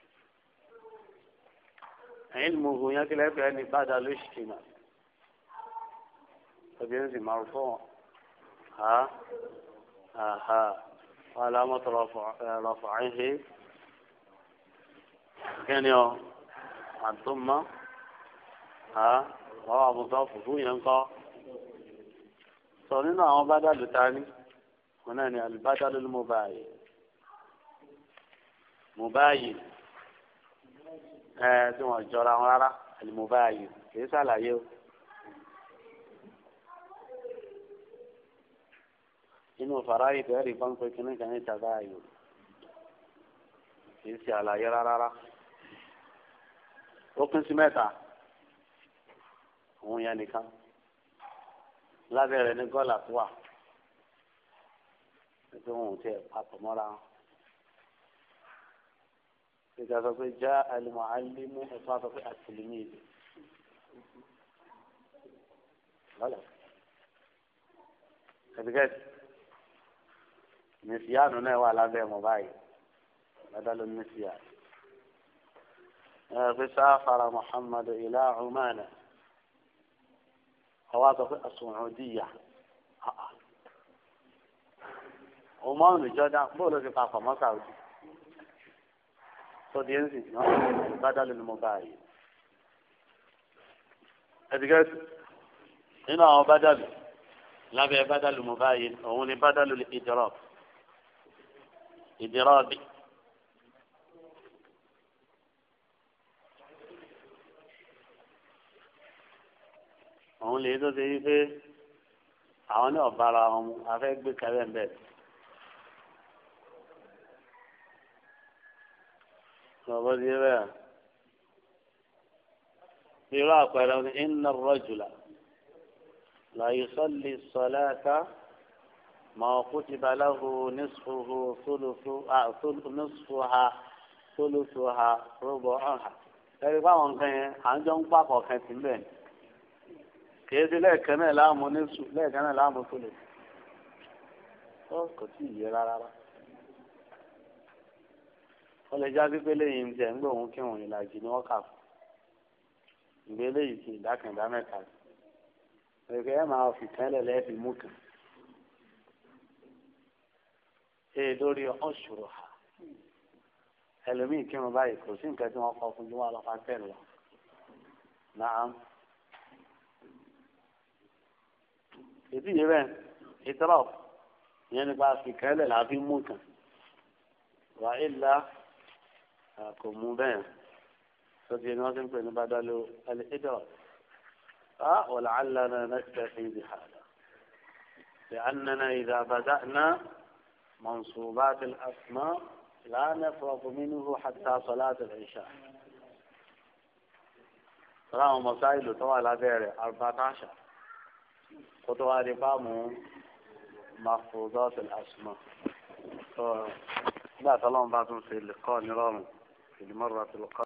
علمه يكلا بأن بعد الاشتماع فبينزي مرفوع ها ها ها علامة رفع رفعه كان يوم الضمة ها روى مضاف ينقى صارنا هو بدل ثاني هنا البدل المباين مباين ẹ tí wọn jọra wọn rárá àlùmọbáyé kìí ṣàlàyé o inú fàráyé bẹẹrì bá ń pe kínní kan ní tàbáyé kìí ṣe àlàyé rárá ó pín sí mẹ́ta òun yẹn nìkan lábẹ́ rẹ̀ ní gọ́là tó wà nítorí wọn ò tiẹ̀ papọ̀ mọ́ra إذا تقول جاء المعلم إصابة في التلميذ غلط خذ طيب نسيان هنا وعلى بيه موبايل بدل النسيان آه، سافر محمد إلى عمان خواطف السعودية آه. عمان جدا بولو كفافة مصعودية sọdí ẹnsì náà bá dá lónìí mo báyìí ẹdígẹ́sì nínú àwọn bádàlù lábẹ́ bádàlù mo báyìí òun ni bádàlù ìdírọ́ọ̀bù ìdírọ́ọ̀bì. òun lè tó ṣe wípé àwọn náà bára wọn afẹ́ gbé kẹrẹ́ ń bẹ̀rẹ̀. ọ̀bọ ti bẹ́ẹ̀ irú àpẹẹrẹ ní iná rọ́jùlá láyé sọ́lì sọ́láta máa kú ti baláhu nísfúhu nísfúha sólùfúha rúbọ ọ̀hà ẹ̀rí báwọn nǹkan yẹn à ń jọ ń pàpọ̀ kan sí bẹ́ẹ̀ ni kìí ṣe lẹ́ẹ̀kan náà láàmú nísfú lẹ́ẹ̀kan náà láàmú sólùfú. ó kò tí ì yé rárá rárá ó lè já pípé lẹ́yìn tẹ̀ ń gbòòrùn kírun ìlàjì ni wọ́n kà fún ìgbé lẹ́yìn ti ìdákàndá mẹ́ta ẹ̀kẹ́ ẹ̀ máa fi kẹ́lẹ̀ lẹ́ẹ̀fì mú kàn ṣe lórí ọ̀ṣùrù ha ẹlòmíì kírun báyìí kò sí nǹkan tí wọ́n kọ́ fún jùmọ̀ lọ́fà tẹ̀lé lọ. Nàám. Ètí yìí bẹ́ẹ̀ ìtọ́lọ̀ ìyẹn nípa fìkẹ́lẹ̀ làá fi mú kàn. Wàhálà. آه، ولعلنا نكتفي بهذا لأننا إذا بدأنا منصوبات الأسماء لا نفرغ منه حتى صلاة العشاء راهو مسائل طوال هذه 14 خطوة رقامه محفوظات الأسماء لا سلام بعد في اللقاء نظام اللي مرة في القرن